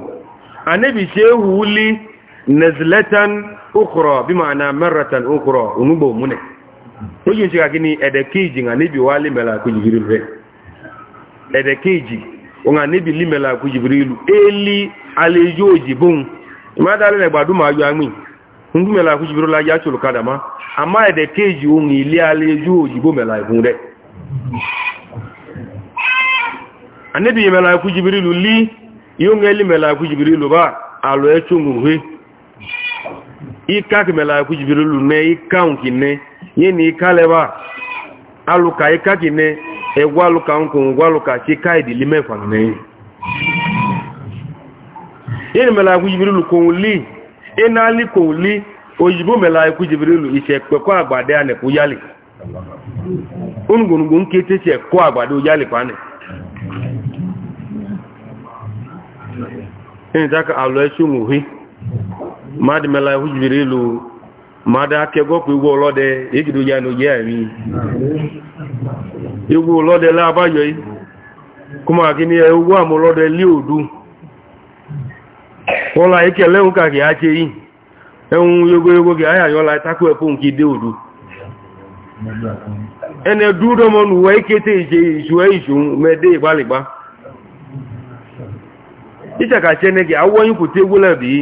li nazlatan ukhra bi ma'ana marratan ukhra unubo mune to yin jiga gini edekeji nga nibi wali mela ku jibril re edekeji nga nibi limela ku jibril eli alejoji bun imada le gbadu ma yo amin ndu mela ku jibril la ya chulu kadama ama edekeji un ile alejoji bo mela ibun de anibi mela ku jibril li yong eli mela ku jibril ba alo echu nguhe ika kimela kujibiri lu ika unki ne ye ni ika leba aluka ika kine egwa aluka nko ngwa aluka chi ka idili mefa ne ye ni mela kujibiri lu konuli ina ali konuli oyibo mela kujibiri lu ise peko agbade ane ku yali nkete nke tete se ko agbade o yali pane ẹni taka alọ ẹṣin òhìn mmadụ mela ihu jibiri ilu mmadụ aka gọpụ igwe ụlọde igido ya n'oge anyị igwe ụlọde la abayọghị kuma gini ya ugwu amụlọde li odu ụla ikele ụka gị ake yi enwu egwuregwu gị ahịa yọla takụ epu nke ide odu ene dudo mọ n'uwe ikete ije isu isu mede gbaligba. igbaligba ichaka chenegị awụọ egwu egwulebi yi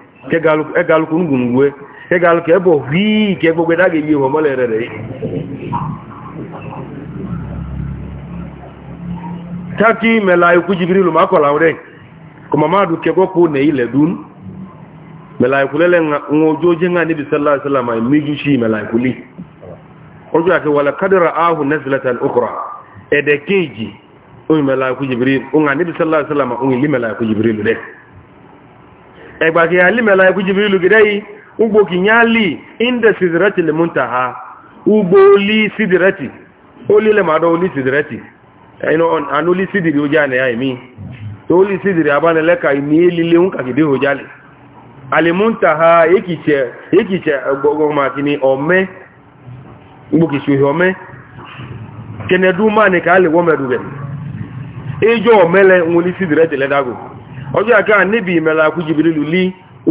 ẹgaluku ngungwe ẹgaluku ẹbọ wíì kẹ gbogbo ẹdá gẹ̀yẹ wọn mọ́lẹ̀ rẹ̀ rẹ̀ Taki mẹ́la ikú jibiri lò mákọ̀lá rẹ̀ kò máa dùn kẹ́kọ́ kó nẹ̀ ilẹ̀ dún mẹ́la ikú lẹ́lẹ̀ ń ojú ó jẹ́ ń níbi sẹ́lá sẹ́lá máa méjì sí mẹ́la ikú lì ojú àti wàlẹ̀ kádìrà áhùn nẹ́sìlẹ̀tàn okùrà ẹ̀dẹ̀ kéèjì ó mẹ́la ikú jibiri ó ń níbi sẹ́lá sẹ́lá máa ń ilé jibiri lò dẹ́ ẹgbàkì alìmẹ́lá ikú jìbìrì lùgìdẹ́ yìí ugbò kì yá lì ìndẹ̀ sídìrẹ́tì lè múntà ha ugbò lì sídìrẹ́tì ó lílẹ̀ màdọ́ ó lì sídìrẹ́tì ànú lì sídìrì ó jáde ya ìmí tó lì sídìrì abánilẹ́ka ìní líle ń kàkìdé ó jáde alìmúntà ha èkìtsẹ̀ gbọ́gbọ́màkìní ọ̀mẹ́ ugbò kì sùhì ọ̀mẹ́ kẹnẹdú máa ní ká lè wọ́mẹ́dù rẹ̀ ẹjọ́ ọ̀mẹ́lẹ̀ ń lì ọjọ́ aka níbi ìmẹ̀lá akú jìbìrìlù lí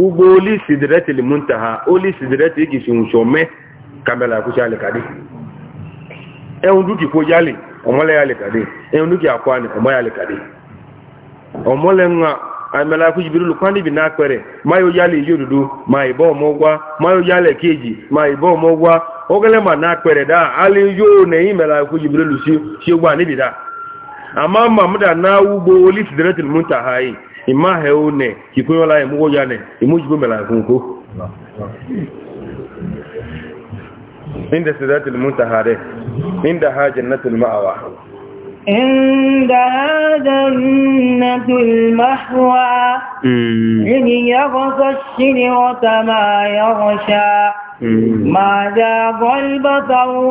ugbo olí sìdìrẹ́tì lè múntà ha olí sìdìrẹ́tì ìkì fi e mẹ́ ka akú ṣe alẹ́kàdé ẹ̀hùn dúkì kó yálè ọmọlẹ́ alẹ́kàdé ẹ̀hùn dúkì àkọ́ni ọmọlẹ́ alẹ́kàdé ọmọlẹ́ ń àmẹ́lá akú jìbìrìlù kwá níbi náà pẹ̀rẹ̀ yálè yóò dúdú ọmọ wá yálè kéèjì ìmáhẹ ó nẹ kìkó yọ́lá ìmúwọ́yá nẹ ìmújúgbó mẹ́lá ìfúnkó inda sidatul muntaha rẹ̀ inda ha jannatul ma'awa inda ha jannatul ma'awa yìí yàgọ́sọ́ ṣírí wata máa yàgọ́ṣá máa jàgọ́ ìbátawọ́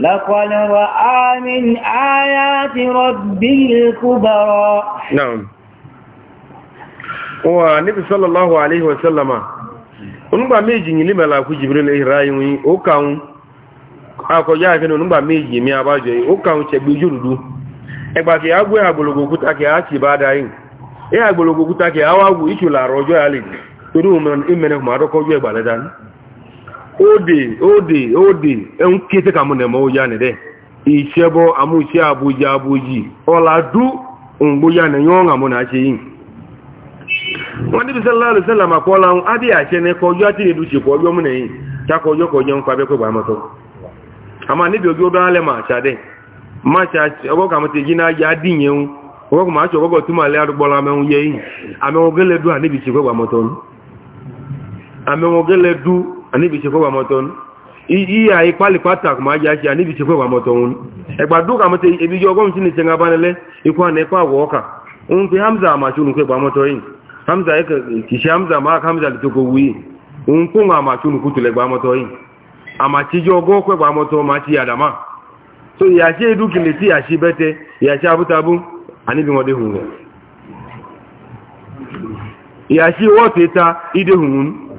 لقد رأى من آيات ربه الكبرى نعم ونبي صلى الله عليه وسلم onugba meji ni limela ku jibril ihrai wi o kaun akọjá ìfẹ́ onúgbà méjì mi àbájọ yìí ó kàún ṣẹ̀gbẹ̀ ojú òdúdú ẹgbàkì agbó àgbòlògbò kútàkì àti bá dáyìn ẹ àgbòlògbò kútàkì àwáwù ìṣòlà àrọ̀ ọjọ́ àlè torí ẹgbàlẹ́dání ode ode ode nkete ka mụ na-eme ụja de ichebo amụchi abụja abụji ọladu mgbu ya na enye ọṅa mụ na achị yi sallallahu alaihi wasallam adịghị achị na ka ọjọọ na eduche kwa ọjọọ mụ na enyi cha ka ọjọọ ka ọjọọ nkwa bekwe gbaa mọtọ ama n'ebi oge ụdọ alẹ ma acha dị ma cha ọgọ ka mụta eji n'aja adị nye nwụ ọgọ ka amenwụ ya enyi amenwụ anibi se fowa moton iya yi pali pata kuma aja ake anibi se fowa moton egba duka mata ebi jo gwamnati woka un hamza ma chunu kwe hamza yake kishi hamza ma hamza li toko wi un kunga ma chunu kutule ba motoyin so ya duki le ti bete ya se abutabu anibi ngode hunga ya se wote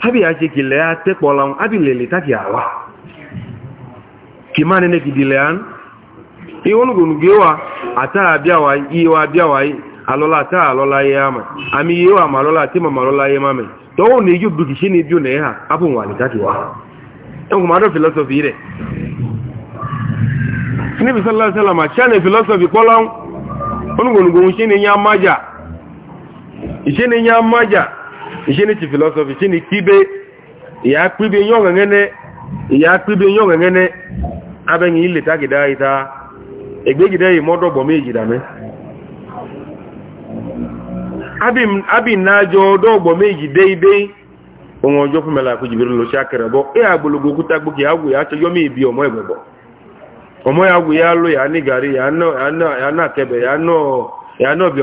abi aje kile ate kpolan abi lele taki awa kimane ne kidilean i wonu gun gewa ata abia wa i wa abia wa alola ata alola ye ama ami ye wa malola ti ma malola ye mame to won ne yubu ki shini bi ne ha abun wa e ni taki wa en kuma do philosophy re ni bi sallallahu alaihi wasallam chane philosophy kpolan wonu gun gun shini nya maja shini nya maja ishini ci philosophy shini kibe ya kpibe nyonga ngene ya kpibe nyonga ngene abengi ile ta gida ita egbe gida yi modo bo meji da abin na jo do bo meji deidei ohun ojo fun mela ku jibiru lo shakere ya to yomi ibi omo egbebo omo ya awu ya lo ya ni gari ya no ya no ya na kebe ya no ya no bi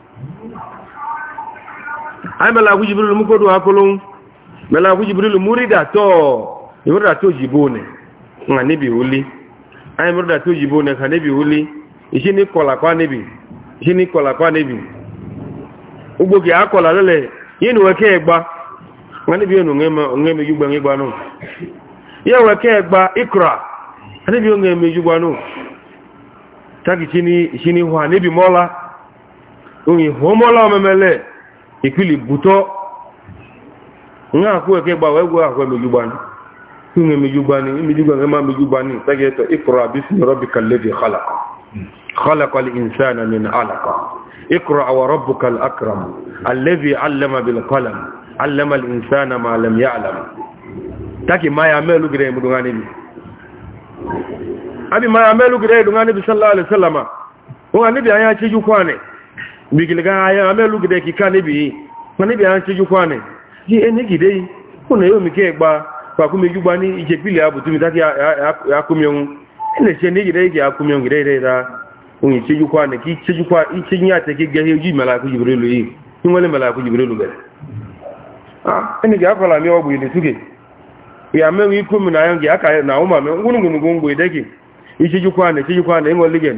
ai mela ku jibril mu ko do akolon mela ku jibril murida to murida to jibone nga nibi uli ai murida to jibone ka nibi uli ishini kola kwa nibi ishini kola kwa nibi ugbogi akola lele yini weke egba nga nibi enu ngema ngeme yugba ngegba no ye weke egba ikra nibi ngeme yugba no taki chini chini hwa nibi mola unyi homola omemele ìpìlì bùtọ́ ní àkó ẹ̀kẹ́ gbà wẹ́gbẹ́ àkọ́ ẹ̀mẹ́júgbani kí ní ẹ̀mẹ́júgbani ẹ̀mẹ́júgbani ẹ̀má ẹ̀mẹ́júgbani tẹ́gẹ̀ẹ́tọ̀ ìkọ̀rọ̀ àbísí rọ́bì kàlẹ́dì xalaka xalaka ìnsánà ní alaka ìkọ̀rọ̀ àwọn rọ́bù kàl akram alẹ́bí alẹ́mà bil kọlam alẹ́mà ìnsánà mà lẹ́m yà alam taki maya mẹ́lu gẹ̀rẹ́ ẹ̀mẹ́dúngani bi abi maya mẹ́lu gẹ̀rẹ́ ẹ̀dúngani bi sallallahu alayhi wa sallam bigiliga aya amelugide kika na manibi an tiju kwane ji ya kuna yo mike gba pa ku meju gba ni ije pile abutu mi taki akumyon ele se ya ige akumyon gide ide da un tiju kwane ki tiju kwa itinya te ki gehe ji malaku jibrilu yi ni malaku jibrilu be ah eni mi ya me na yo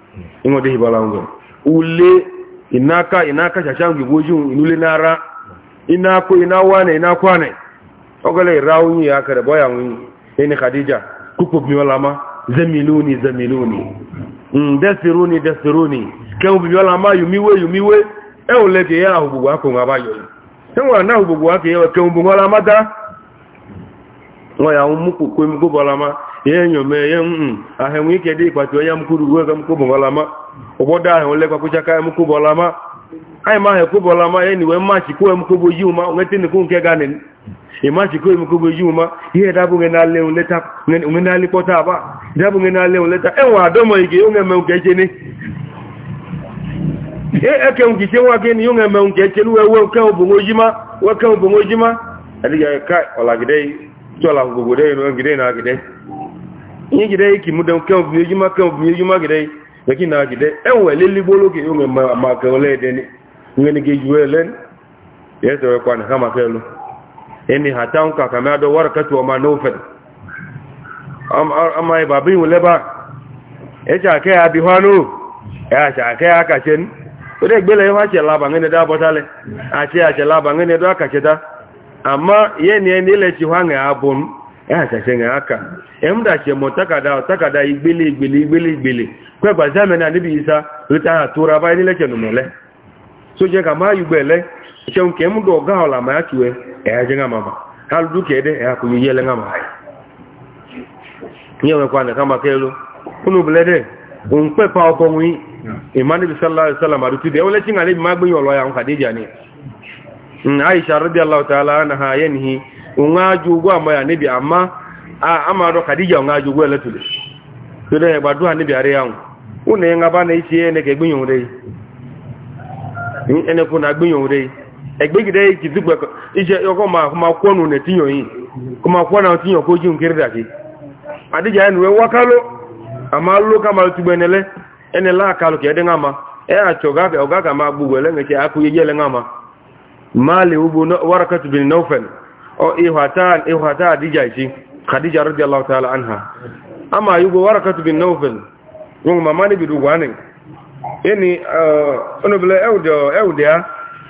inwede hibala ule inaka inaka chachangi buju inule nara inako inawane inakwane ogale rauni boya ngi ene khadija kuko biwalama zamiluni zamiluni mm biwalama yumiwe yumiwe e ya hubu wako ngabayo na wako yewe da ngoya umuku kwemgo ihe nyome ihe aha enwe ike dị ịkpati onye mkpụrụ uwe ga mkụbọlama ụgbọdụ ahụ olekwa kụchaka ya mkụbọlama anyị ma aha ma ya na iwe bụ mkụbụ ji ụma nweta nnukwu nke ga ịmachikwo mkụbụ ji ụma ihe dabụghị kpọta aba dabụghị nalị enwe onye nke eke m giche nwa gị na onye eme nke echene wee wee nke obonojima wee ke obonojima adịghị ka ọlagide chọla ihe gide ki mu dan kan bu ma kan bu yeji ma gide laki na gide le e li bolo ke yo me ma ma le de ni ngene ke juwe len yeso we ha ma kelo eni hatan ka kama do warakatu wa ma nufad am am ba bi wule ba e ja abi hanu e ja ke aka chen o de gbele a che aka ama ye ni e e m takada ọtakada igbele igbele igbele igbele kwegbazamena anibi isa rita ha tụrụ aba nilechen mele soje ka ma yugbele nke ọla ma ya chue ehaje nga mama ha ka ede ha kwụnye yele nga mama nye na kama ka elu nebi aisha radiyallahu ta'ala anha yanhi ya amma amado kadija nga jugo le tule tule ba duha ni biare yangu une nga bana isi ene ke gbinyo re ene kuna gbinyo re egbegide ki zugbe ije yoko ma kuma kwonu ne tinyo yi kuma kwona tinyo ko ji nkiri da ki adija enwe wakalo ama lo kama tubenele ene la kalo ke de ngama e acho ga ga ga ma gbugwe le nge aku yeje le ngama mali ubu warakatu bin nawfal o ihatan ihata adija ji khadija radiyallahu ta'ala anha ama yugo warakatu bin nawfal won mama bi bidu wanin eni eh, ono bele eudo eudia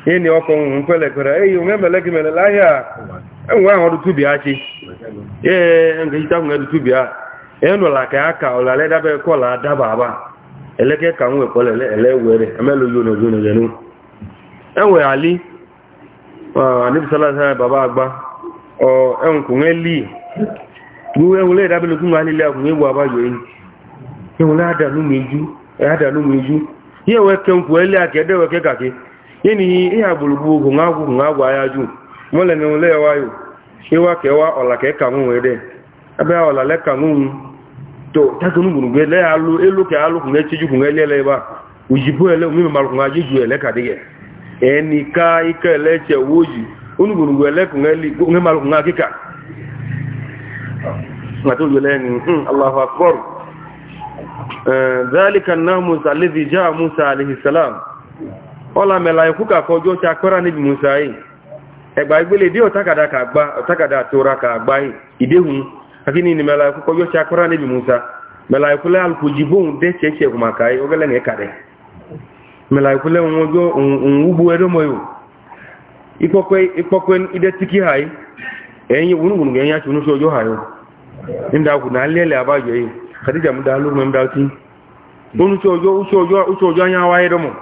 eni oko un pele kora e yo memele ki mele laya enwa hodu tubi achi e nge ita nge tubi a enu la ka aka ola le dabe ko la daba baba. eleke ka nwe ko le ele were amelo yo no yo no genu enwe ali ah ni sallallahu alaihi baba agba o enkun eli wíwẹ́ wọlé ìdábẹ́lógún wà nílé àgùn ewu àbáyọ yìí ìwọ̀n àdánù méjú yíẹ̀wẹ́ kẹfù ẹlẹ́ àkẹ́dẹ̀wẹ́ kẹ́kàkẹ́ yìí ni ìhà gbòlògbò ogun agùn agùn ayájú mọ́lẹ̀ ní wọlé ẹwáyò ìwà kẹwà ọ̀làkẹ́ kàwọn ẹ̀dẹ́ abẹ́ ọ̀làlẹ́ kàwọn tó àtúgbò lẹ́ni hmm, Allahu akbar zalika eh, namus alladhi jaa Musa alayhi salam ọlá mẹ́la ikú kàkọjọ́ ti akọ́rà níbi Musa yìí ẹgbà ìgbélé dé ọ̀tàkàdà àtòrà kàgbá ìdéhùn akíní ni mẹ́la ikú kọjọ́ ti akọ́rà níbi Musa mẹ́la ikú lẹ́ alùpùjì bóhùn dé ṣẹ́ṣẹ́ kùmàkà yìí ọgẹ́lẹ́ni ẹ̀kàdẹ̀ mẹ́la ikú lẹ́ ẹ̀yìn wùnúwùnú ẹ̀yìn àti oníṣẹ́ ọjọ́ ààyò nígbà kù náà lẹ́lẹ̀ àbájọ yìí kàdíjà mú dáálù mẹ́m dá sí oníṣẹ́ ọjọ́ ayá wáyé dọ́mọ̀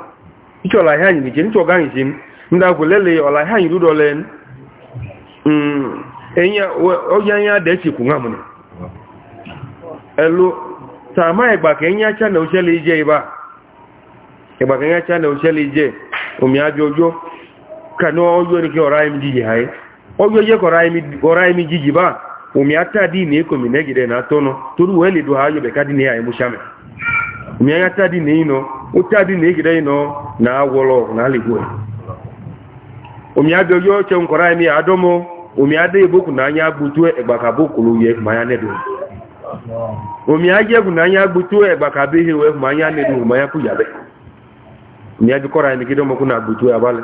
iṣẹ́ ọ̀la ẹ̀yìn ọjọ́ ayá dẹ̀ sì kù ńàmù jẹ́ ibà ẹ̀gbà kẹ́yìn àti àná jẹ́ ọjọ́ ọjọ́ ní kí ọ̀rá yìí ogyo ye koraimi koraimi jijiba umi ata di ne ko minegide na tono turu weli du hayo be kadine ya emushame umi ata di ne ino uta di ne gide ino na awolo na ligwe umi ade yo che un koraimi adomo umi ade ibuku na anya gbutu egbaka buku lu ye maya ne do umi ade ibuku na anya gbutu egbaka bihi we maya ne do maya ku yabe umi ade koraimi gide mo kuna gbutu abale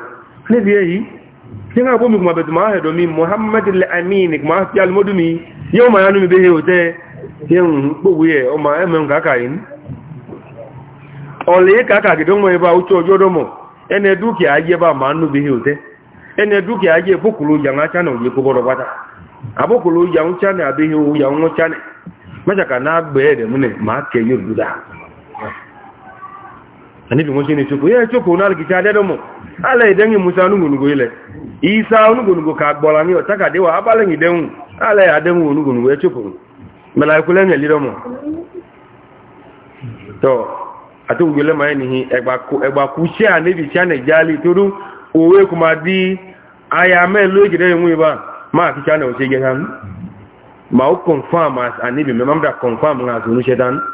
ne bi eyi kinga a mi kuma betu ma hedo mi muhammad al amin kuma fi al modumi yo ma yanu mi be hote yen o ma e ka nka kayin ole ka ka gido mo e ba ucho jodo mo ene duki aye ba ma nu be hote ene duki aye bokulu yanga cha yanga na yanga cha ka na de ma ke anibi wọn ṣe ni choko yẹ choko náà kìí adẹ́dọ́mọ̀ alẹ́ ìdẹ́yìn musa onúgbònúgbò ilẹ̀ isa onúgbònúgbò ka gbọ́la ní ọ̀tákàdéwà abálẹ́yìn dẹ́hùn alẹ́ adẹ́hùn onúgbònúgbò ẹ choko mẹ́la ikú lẹ́yìn ẹ̀lídọ́mọ̀ tọ́ àtúgbò lẹ́màá ẹni ẹgbàkú ṣẹ́ àníbi ṣẹ́ nìjálì tó dún òwe kò máa di aya mẹ́lú ìjìdẹ́yìn mú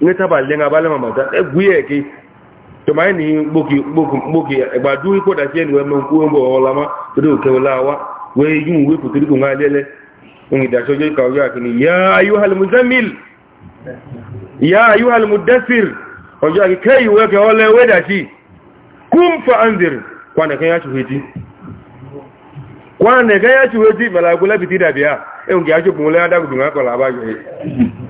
ní tábà lẹ́nà abálẹ́ màmá ta ẹgbú yẹ kí tòmáyé ní gbòkì ẹgbàdú ikú dàtí ẹnu ẹmọ nkú ẹmọ ọlọmọ tó dé òkè ọlá wa wẹ́ yún ìwé kò torí kò ń alẹ́lẹ́ ohun ìdàṣọ́ jẹ́ ìkàwé àkíní yá ayú halmuzamil yá ayú halmudasir ọjọ́ àkíkẹ́ ìwé kẹ ọlẹ́ wẹ́ dàtí kún fa anzir kwanakẹ́ yá ṣùfẹ́tí kwanakẹ́ yá ṣùfẹ́tí mẹ́lá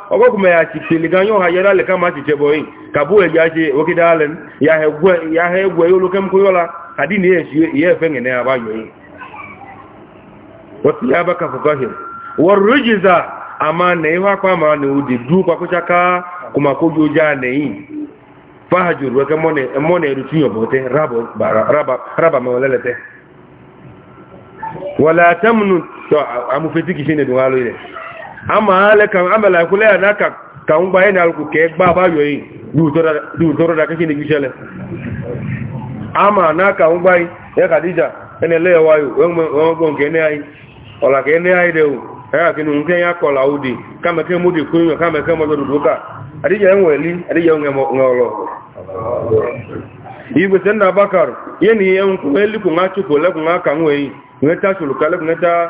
ọgọkùnmẹ ya ti pèlè gan yóò hayẹ lálẹ ká máa ti jẹ bọyìn kàbó ẹ yá ṣe òkè dálẹ yà hẹ gbọ yóò lókè mkó yọla àdí ni ìyẹ ẹfẹ ka àbáyọ yìí wọ́n ti ama na kàfùkọ́ hìr ma na àmà nà ihu apá àmà nà òdì dú pàkóṣáká kùmàkójú ojá nẹ̀yìn fáhàjò ama ale kan amela kule ana ka ka un bayin alku ke gba ba yoyi du du tora da kake ni gishele ama na ka un bayin ya kadija ene le ne ai ola ya ke nu nke ya ko la udi kama ke mudi ku yo ke mo do en weli adija un mo ngolo ibu senna bakar yeni ngachu ko le ku ngaka ngwe ngeta sulu kale ngeta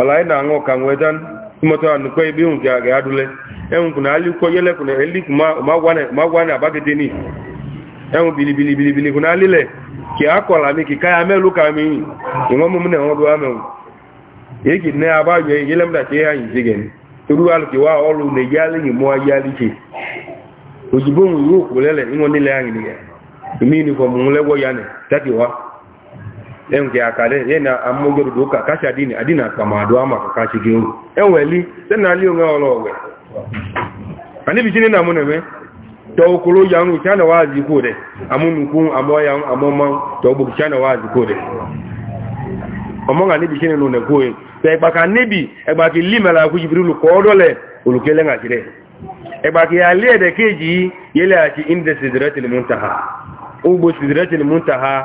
ọla anyị na-aṅụ ka nweta tụmatụ nnukwu ebe ihu a ga-adụle enwụkwụna alịkwo yelekwụna elikwuma magwa na abagide ni enwụ bilibilibilibili kwụna alile ke akọla mi ke kaya melu ka mi ìwọ́n mú m wọ́n bí wá mẹ́wọ̀n èyí aba ní abájọ ìyílẹ̀ mẹ́ta tí yá yìí sígẹ̀ ní torú alùkèwà ọlù ní yálé yìí mọ́ yálé ṣe òjìbóhùn yóò kò lẹ́lẹ̀ ń ɗan ke akale yana an mugir doka kashi adini adina kama do ama ka kashi gero ɗan wali ɗan na liyo nga wala wawe ani bi yanu chana wazi ko de amunu ku amo yan man to wazi ko de omo nga ni bi jini no ne ko e pe pa ka ni bi e gba ki yele ati inda sidratil muntaha ugbo sidratil muntaha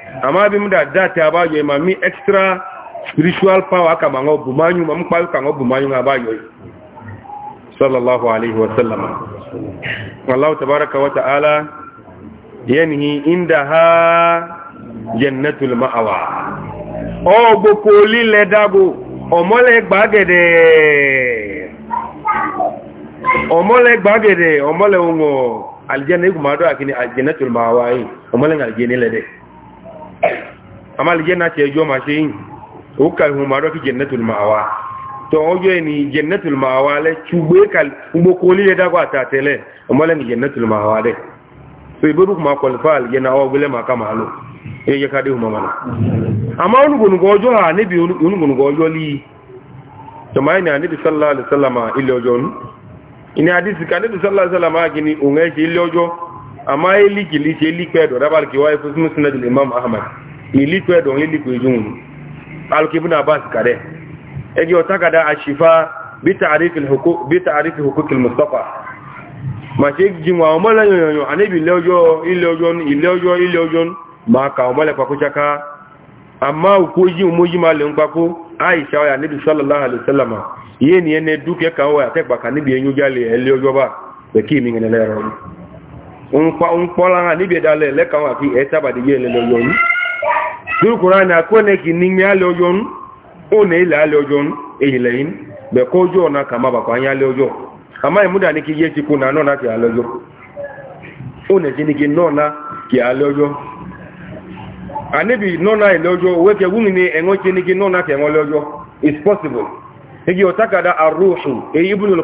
amma bi muda da ta ba yoy ma mi extra spiritual power ka ma ngo bumanyu ma mpa ka ngo bumanyu nga ba yoy sallallahu alaihi wa sallam wallahu tabaraka wa ta'ala yanhi indaha jannatul ma'awa ogbo ko lile dago omole gbagede omole gbagede omole ungo aljanna igumado akini aljannatul ma'awa yi omole ngalgene lede amma aljanna ce jo ma shi yin ukal huma roki jannatul ma'awa to ojo ni jannatul ma'awa le chugbe kal ugbo ko le da kwa ta tele amma le ni jannatul ma'awa de so ibodu kuma qualify aljanna o gele ma kama halu e ye kade huma mana amma onu gunu gojo ha ne bi onu gunu gojo li to mai ni bi sallallahu alaihi wasallama ile ojo ni ini hadisi kan nabi sallallahu alaihi wasallama ah, gini unga ile ojo amma ya liki liki ya liki edo rabar ki wai fusmu sunatul imam ahmad ni liki edo ni liki jun alkibuna abbas kare eji o a shifa bi ta'rif al huquq bi ta'rif huquq al mustafa ma se ji wa ma la yoyo anabi le ojo ile ojo ile ojo ile ojo ma ka o male pako chaka amma ko ji mo ji ma le aisha wa nabi sallallahu alaihi wasallam ye ni ene duke ka o ya te pa ka ni bi enyu jale ile ba be ki mi ngene le ro nkpɔla ha níbi ɛda lɛ lɛ kan wà fi ɛta bàdé yé lɛ ɔyɔnu turukura ni akɔnɛ kì nígbɛ alɛ ɔyɔnu ele ilẹ alɛ ɔyɔnu èyí lɛ yín bɛ kɔjɔ ɔnà kàmá bàkɔ anyi alɛ ɔyɔ àmà ìmúdà ni kì yé ti kú nà nọ́ọ̀nà kì alɛ ɔyɔ ɔnà ti ni kì nọ́ọ̀nà kì alɛ ɔyɔ anibi nọ́ọ̀nà ilẹ ɔyɔ òwe kẹ wúni ni ɛŋɔ ti ni kì nọ́ọ̀nà kì ɛŋɔ lɛ ɔyɔ it's possible igi ɔtakada arúhù èyí ibùdó lọ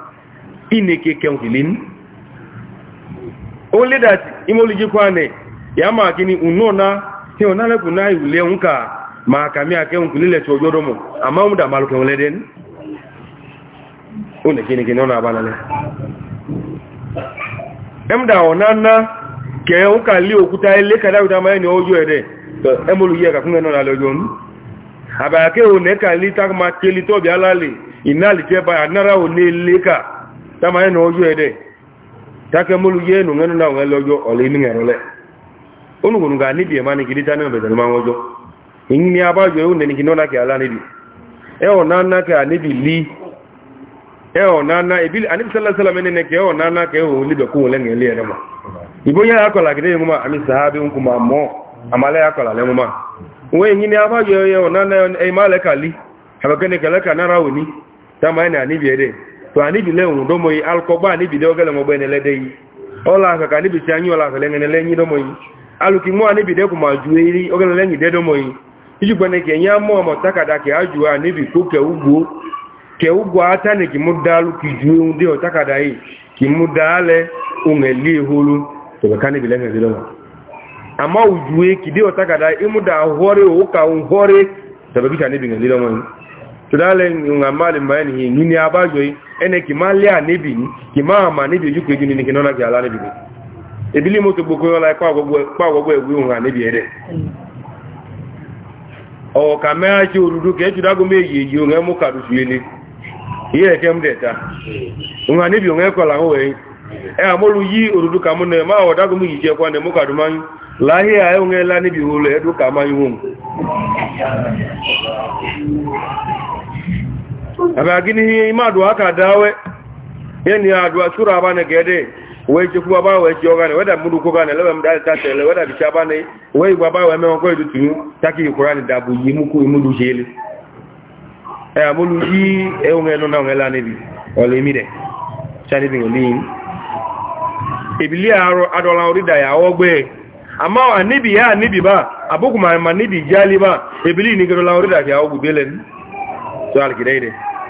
ineke kẹwùlín ó lédà imolójí kwánẹ̀ ya máa kí ni ùnú ọ̀nà tí ọ̀nà lẹ́kùn náà ìwùlẹ̀ ń kà máa kàmí akẹ́hùn kìí lẹ̀ tí ọjọ́ dọ́mọ̀ àmá ń dà máa lókẹ̀wọ̀n lẹ́dẹ́ ó nẹ̀ kíni kíni ọ̀nà àbálálẹ́ ẹmdà ọ̀nà ná kẹ́hùn kà lé òkúta ilé li máa ní ọjọ́ ẹ̀dẹ̀ ẹmọlóyí ẹ̀kà fún ẹ̀nà lọ́jọ́ àbàkẹ́ òun ẹ̀kà lé tá tama ene ojo ede take mulu ye nu ngenu na ngelo jo ole ni ngero le onu gunu ga ni bi ma gidi tanu be tan ma ojo yin ni aba jo ne ni kinona ke ala ni bi e o nana ke ani bi li e o nana e bi ani sallallahu alaihi wasallam ne ke o nana ke o li be ku le ngeli ere ma ibo ya akola gidi mu ma ami sahabi un kuma mo amale akola le mu ma we yin ni aba jo ye o nana e ma le kali habakene kala kana rawni tama ene ani bi de. to anibi le un domo yi alkogba anibi de ogele mo gbene lede yi ola ka ka anibi ti anyi ola fele ngene lenyi domo yi aluki mo anibi de ku ju eri ogele lenyi de domo yi iju gbene ke nya mo mo takada ke aju anibi ku ke ugbo ke ugbo ata ne ki mu da aluki ju e un de o takada yi ki mu ale un eli e to ka anibi le ngene domo ama uju e ki de o takada imu da hore o ka un hore sababi ka anibi ngene domo yi tòdálẹ̀ ìwọ̀n àmàlì máa yi ìyìn ní abájọ yìí ẹni kì máa lé ma ní kì máa mà níbi ojú pé gíní ní kì náà kì alá níbi ní ìbílí mo tó gbogbo ọlá ipá àgbogbo ẹ̀wé òun àníbì ẹ̀rẹ̀ a mẹ́ra ṣe òdúdú kẹ́ẹ̀tù dágó iye e, yi aba gini hi ima do aka dawe ni adwa sura bana gede we ji kuwa ba we ji ogane wada mudu ko gane mda mdal ta tele wada bi chabane we gwa ba we me ko taki qur'an da bu yi muku mudu jeli e amulu yi e o ngelo na ngela ne bi o le mi de chani bi ngolin orida ya ogbe amma anibi ya anibi ba abukuma manibi jali ba ibili nigerola gero la orida ya ogbe belen to alkidaide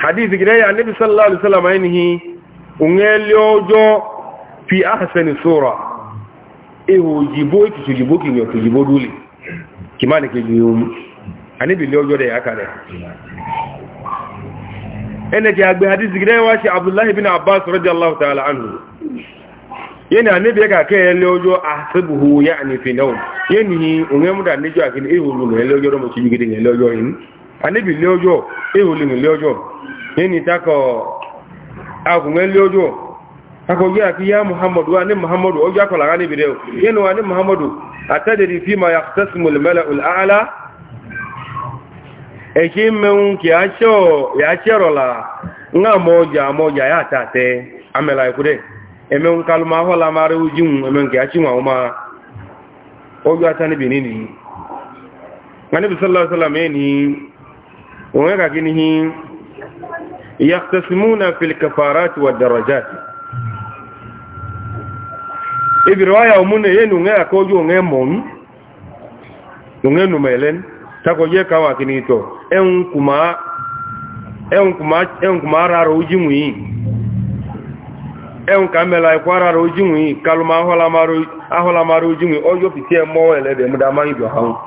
hadith gida ya nabi sallallahu alaihi wasallam ainihi ungeliojo fi ahsani sura ihu jibo kitu jibo kinyo jibo duli kimani kijum anibi liojo de akale ene ti agbe hadith gida wa shi abdullah ibn abbas radiyallahu ta'ala anhu yana anibi ka ke liojo ahsabuhu yani fi nawm yani ungemuda nijo akini ihu liojo mo chijigide liojo yin anibi lé ọjọ́ ihòlè ní lé ọjọ́ nínú ìtakọ̀ agùnmẹ́ lé ọjọ́ akọ̀gbé àti yá muhammadu wa ní muhammadu ọjọ́ akọ̀lára níbi rẹ̀ yínú wa ní muhammadu àtẹ́dẹ̀dì fi ma ya tẹ́sìmọ̀lì mẹ́lẹ̀ ul'ala ẹ̀ṣẹ́ mẹ́un kì á ṣẹ́rọ̀lá ńlá mọ́jà ma yá àtàtẹ́ amẹ́lá ikúrẹ́ ẹ̀mẹ́un wọ́n ga gini hin yàtàsímúnà filkafarati wà darajati ibiri wáyà omúnà yẹnu ń oji ojú ń ẹ̀mọ̀n ń ẹ̀nu mẹ́lẹ́n takọ̀ yẹ́ káwà kìíní kuma ẹ̀hùn kùmá rárá ojú mú yìí ẹ̀hùn kàmẹ́lá ẹ̀kọ́ rárá ojú mú yìí kalùmá ahọ́lámarú ojú mú yìí ọjọ́ fìtí ẹ̀mọ́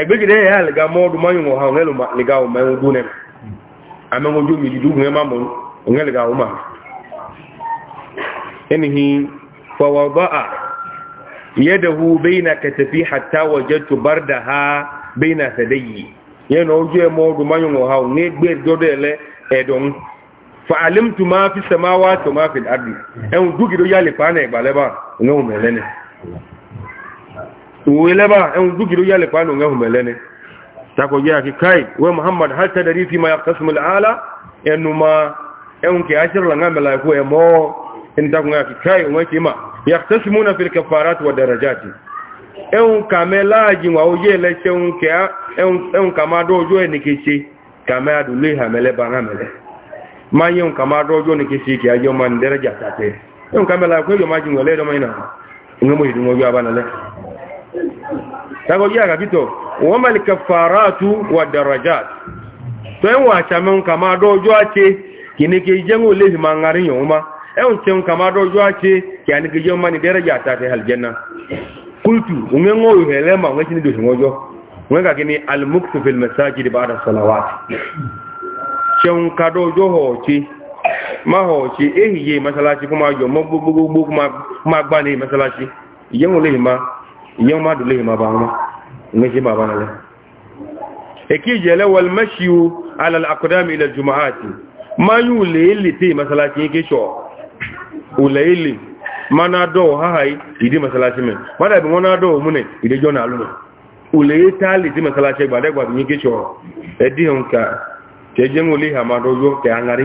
Egbeghi ɖe ya ya ha lega mɔ ɖu ma nyu ha o, o na ele ma lega ome ɖu na ene. Ame ŋwo dọ ome ɖiɖi ɖu ŋwe ma mụ o, o e ma ha. Enihi, fa waba a, ya ɖe hu beyina katefi hata wàdze tubar dị haa beyina fe de yi. Ya na ɔnjue mɔ ɖu ma nyu fa alemtụ ma fi sema waa ma fi adi. ardi ɖu gi ɖe ya lefaa na egba lebe a, o na enwe mene. weleba en eh, dugiru yale pano ngam melene tako ya ki kai we muhammad hal tadari fi ma yaqsimu ala enuma eh, en eh, ke ashir la ngam la ko emo en tako ya ki kai we ki ma yaqsimuna fil kafarat wa darajati en kamela ji wa o yele se un ke en en kamado jo en ke se kamado le ha mele ngam le ma yen kamado jo ne ke se ki ajo man daraja tate en kamela ko yo ma ji ngole do mai na ngamo hidu ngo yo abana le tago yi aga bito wamal kafaratu wa darajat to en wa chamen kama dojo ache kinike jengo le mangari yoma en chen kama dojo ache kinike yoma ni daraja ta ta aljanna kultu ungengo yuhele ma ngati ni dojo ngojo ngaka kini al muktu fil masajid ba'da salawat chen ka dojo ho chi ma ho chi ehiye masalachi kuma yo mo gbogbo kuma ma gba ni masalachi yengo le ma ìyẹn ma dùn léyìn bàbá wọn ń ṣe bàbá rẹ èkí ìjẹ̀lẹ̀ wọl mẹ́ṣíu alàlà akọ̀dámi ilẹ̀ jùmọ̀ àti máa yún ulẹ̀ èlè tí masalasi yíké ṣọ̀ ulẹ̀ èlè mana dọ̀wọ̀ háhà ìdí masalasi mẹ́ mọ́dàbí wọn náà dọ̀wọ̀ múnẹ̀ ìdíjọ́ náà lùmọ̀ ulẹ̀ ètàlì tí masalasi gbàdẹ́gbà yíké ṣọ̀ ẹdí hàn ká tẹ́jẹ́ ń olè àmàdọ́jọ́ kẹ́ angarí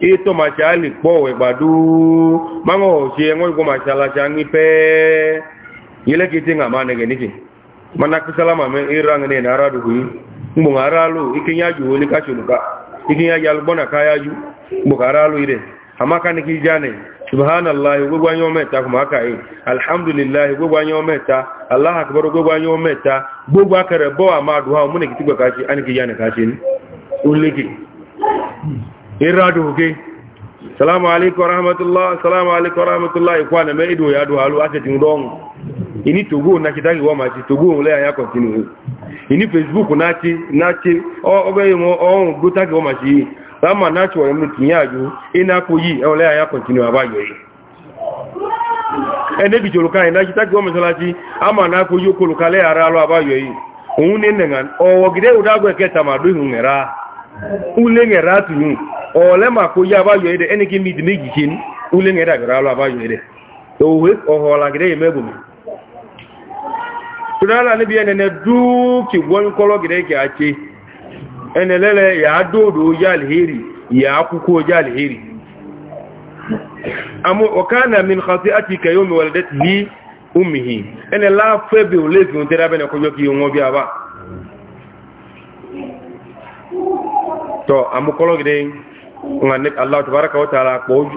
ito machali kpo we badu mango sie ngoi ko machala changi pe ile kiti nga mane ge niki mana kusalama me irang ne nara du hui mbo ngaralu ikinya ju ni kachuluka ikinya yalbona kaya ju mbo ngaralu ire amaka niki jane subhanallah gbogbo anyo meta kuma aka yi alhamdulillah gbogbo anyo meta allah akbar gbogbo anyo meta gbogbo akare bo amadu ha mun ne kiti gwa kashi aniki jane kashi ni uliki iradu ke salamu alaikum rahmatullah salamu alaikum rahmatullah ikwa na me ido ya do halu ase tin dong ini togo na kitangi wa ma ti togo le ya continue ini facebook na ti na ti o obe mo o go ta ki ma ti sama na ti wa mu tin ya ju ina ko yi o le ya continue aba yo bi na ki ta ma ti ama na ko yo ko kale aba yo yi ohun o wo ule ngere atụnye ole ma ka onye abayo ede ene gị midi na ijiji ule ngere agara alụ abayo ede owe ọhọla gịrị ya mebu tunala níbi ẹnẹ̀nẹ̀ dúkì wọ́n kọ́lọ́ gẹ̀rẹ́gẹ̀ àti ẹnẹ̀lẹ́lẹ̀ ya á ya alheri lèhèrì yà á kúkú yà lèhèrì àmú ọ̀kánà min kàtí umihi ẹnẹ̀lá fẹ́ bí olè fi ń ya to amukolo gide ngani allah tabaraka wa taala ko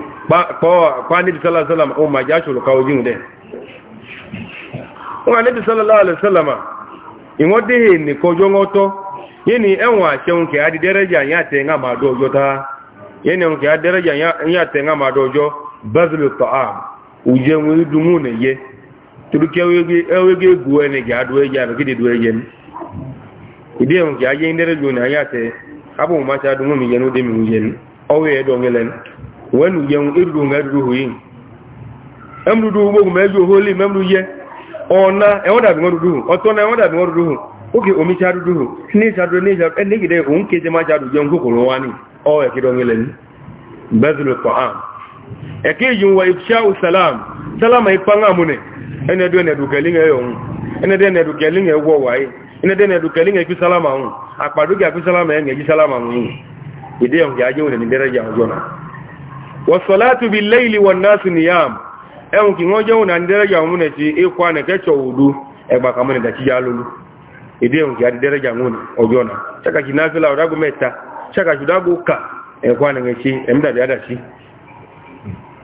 ko kwa ni sallallahu alaihi o oh, ma ja sulu kawo jinde ngani sallallahu alaihi wasallam ah, ingode ni ko jongoto yini enwa ke adi ya te nga ma dojo ta yini ke adi dereja ya te nga ma dojo ta'am uje mu ye wege ewege eh, guwe ne ga duwe duwe ni ndere abu e e e ma ta dungu mi yenu de mi yen owe do ngelen wenu yen irdu ngadu huyi amdu du bo me jo holi mamdu ye ona e bi na e oke ta du ni ta du ni e ni gide un ke je ma ta du yen ko ko wani o e ki do ngelen bazlu ta'am e ke yun wa ifsha'u salam salama ipanga mune ene do inede na edukeli nga ekwi salama ahụ akpado gị akwi salama ya nga-eji salama ahụ yi ide ya nke aja nwere ndere ji ọjọ na wasolatu bi leili wa nasu niyam ẹwọn e kì wọ́n jẹun na ndere ji ahụ na-echi ịkwa e na kẹchọ udu ẹgba e ka mụna dachi ya lulu ide ya nke adị dere ji ahụ chaka chi nafila ọdagụ meta chaka chi ọdagụ ka ẹkwa na ngechi emdabi adachi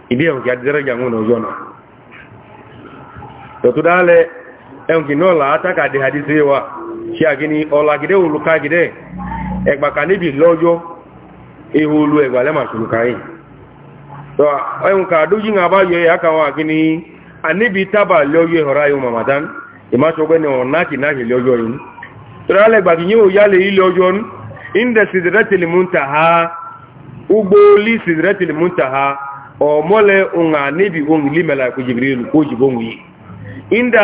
ide ya nke adị dere ji ahụ na ọjọ na dọtụdalẹ ẹwọn kì nọla ataka dị hadisi wa ṣe àgíní ọ̀làgídé olùkagídé ẹgbà kan níbi lọ́jọ́ eholu ẹgbà lẹ́mà sùlùkàyìn tó ẹ̀hùn ká dójú ń bá yọ ẹ̀yà kan wà àgíní àníbi tábà lọ́jọ́ ìhọ̀rá yóò màmàdán ìmáṣọgbẹ́ni ọ̀nàkì náà lọ́jọ́ yìí tó rálẹ̀ gbàgbì yóò yálẹ̀ yìí lọ́jọ́ inde sidiratil muntaha ugboli sidiratil muntaha omole unga nibi ungi limela ku jibril ku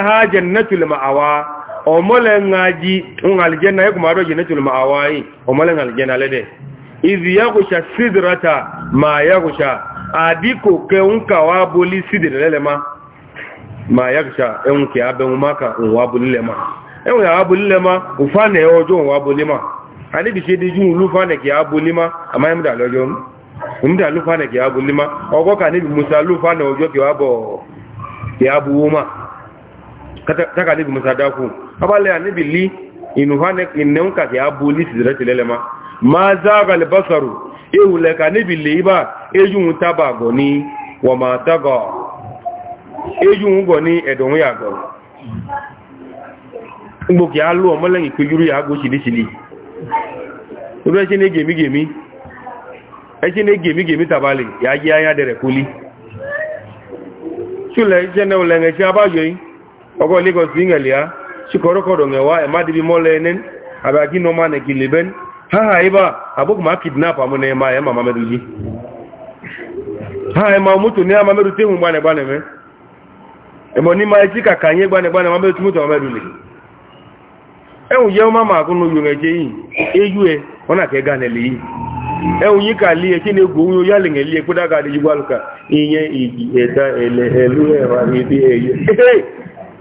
ha jannatul ma'awa omole ngaji ngaljanna yako maro jinatul maawai omole ngaljanna lede izi yakusha sidrata ma yakusha adiko ke unka wabuli sidrele ma ma yakusha enke abemaka wabulile ma enwe wabulile ma ufane ojo wabulima ani bi shede ju lufane ki abulima ama emda lojo emda lufane ki abulima ka ni musa lufane ojo ki wabo abuuma taka ne bi musa daku abale ya nabi li inu hane innan ka ya boli sidira tilelema ma zaga al basaru e wule ka nabi li ba ejun ta ba goni wa ma taga ejun goni edon ya go ngbo ki alu omo leyin pe yuru ya go sidi sidi odo se ne gemi gemi e se gemi gemi tabale ya je aya dere kuli sule je ne ole nge ọgọ́ lagos bí ngẹ̀lẹ̀ e e, e, ya ṣíkọ̀rọ̀kọ̀rọ̀ ngẹ̀wá ẹ̀mádìbí mọ́lẹ̀ ẹnẹ́n àbájí nọ́mà nẹ̀kì lèbẹ́n haha ibá abúkùnmá kìdínàpà mú ní ẹmà ẹmà mamẹ́rù yìí ha ẹmà mọ́tò ní amamẹ́rù tí wọ́n gbánẹ̀ gbánẹ̀ mẹ́ ẹmọ ní máa jí kàkà yẹn gbánẹ̀ gbánẹ̀ mamẹ́rù tí mọ́tò mamẹ́rù lè ẹ̀hùn yẹ́ ọmọ àkúnnú yóò rẹ̀ jẹ́ yìí eyú ẹ wọ́n àkẹ́ gánẹ̀ lè yìí ẹ̀hùn yìí kà lé ẹkí ní egbò oyún yà lè lè kó dága àdéjúgbálùkà ìyẹn ìgbì ẹ̀dá ẹ̀lẹ̀ ẹ̀lú ẹ̀rọ àmì bí ẹ̀yẹ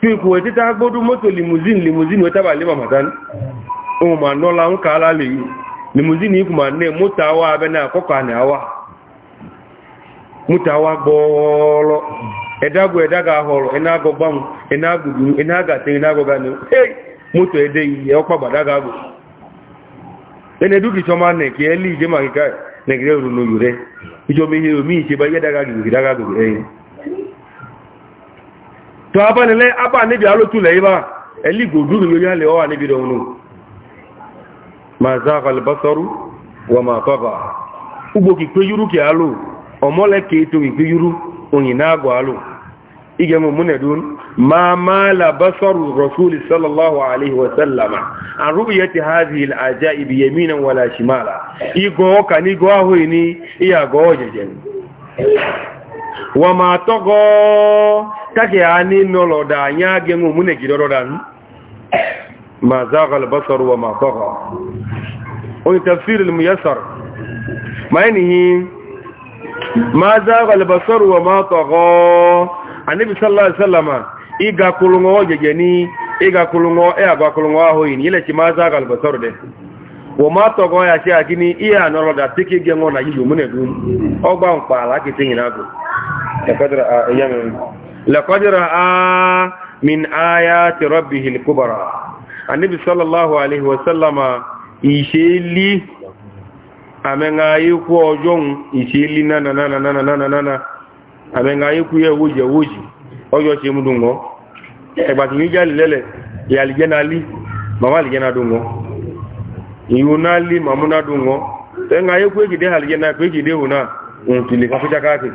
fi kò wẹ̀ títà gbódú mọ́tò limousine limousine wẹ́ tábà lébà màtán ohun ma nọ́la ń ká alá lè limousine ikú e e ma ní mọ́tò awá abẹ́nà àkọ́kọ́ àní awá mọ́tò awá gbọ́ọ̀lọ́ ẹ̀dágbò ẹ̀dága ahọ̀rọ̀ ẹ̀nà agọgbàmù ẹ̀nà agbègbè ẹ̀nà agàtẹ̀ ẹ̀nà agọgbà ihe to abanilẹ́ abà níbi alótúlẹ̀ ibá ẹ̀lì gòdúrù lórí alẹ́ ọwà níbi dọ̀nù ma wa ma ugbo kìpé yúrú kì alò ọmọlẹ̀ kéètò ìpé yúrú òyìn náà gọ̀ alò igẹ̀mù múnẹ̀dún ma rasuli sallallahu alaihi wa sallama an rubuye ti hazi aja ibi yamina na shimala igọ̀ ọkà ní gọ̀ ahóyì ní wa take ya ni nolo da nya ge mu mune gidoro dan ma zaga al-basar wa ma taga o tafsir al-muyassar ma yanihi ma zaga al-basar wa ma taga annabi sallallahu alaihi wasallama kulungo jeje ni iga kulungo kulungo aho yin yele ci ma zaga al-basar de ma ya ci akini iya nolo da tiki ge ngona yi mune gun ogba npa la kitin ina go لقد رأى من آيات ربه الكبرى النبي صلى الله عليه وسلم يشيلي أمن آيكو أجون يشيلي نانا نانا نانا نانا نانا أمن آيكو يوجي يوجي أجو شمدونه ẹgbàtí ní jẹ́ lẹ́lẹ̀ ìyàlìjẹ́nà lí màmá àlìjẹ́nà dùn wọn ìhùnà lí màmúnà dùn wọn ẹ̀ngà ayé kú èkìdé àlìjẹ́nà pé èkìdé òun náà òun tìlẹ̀ fàfíjákáàkì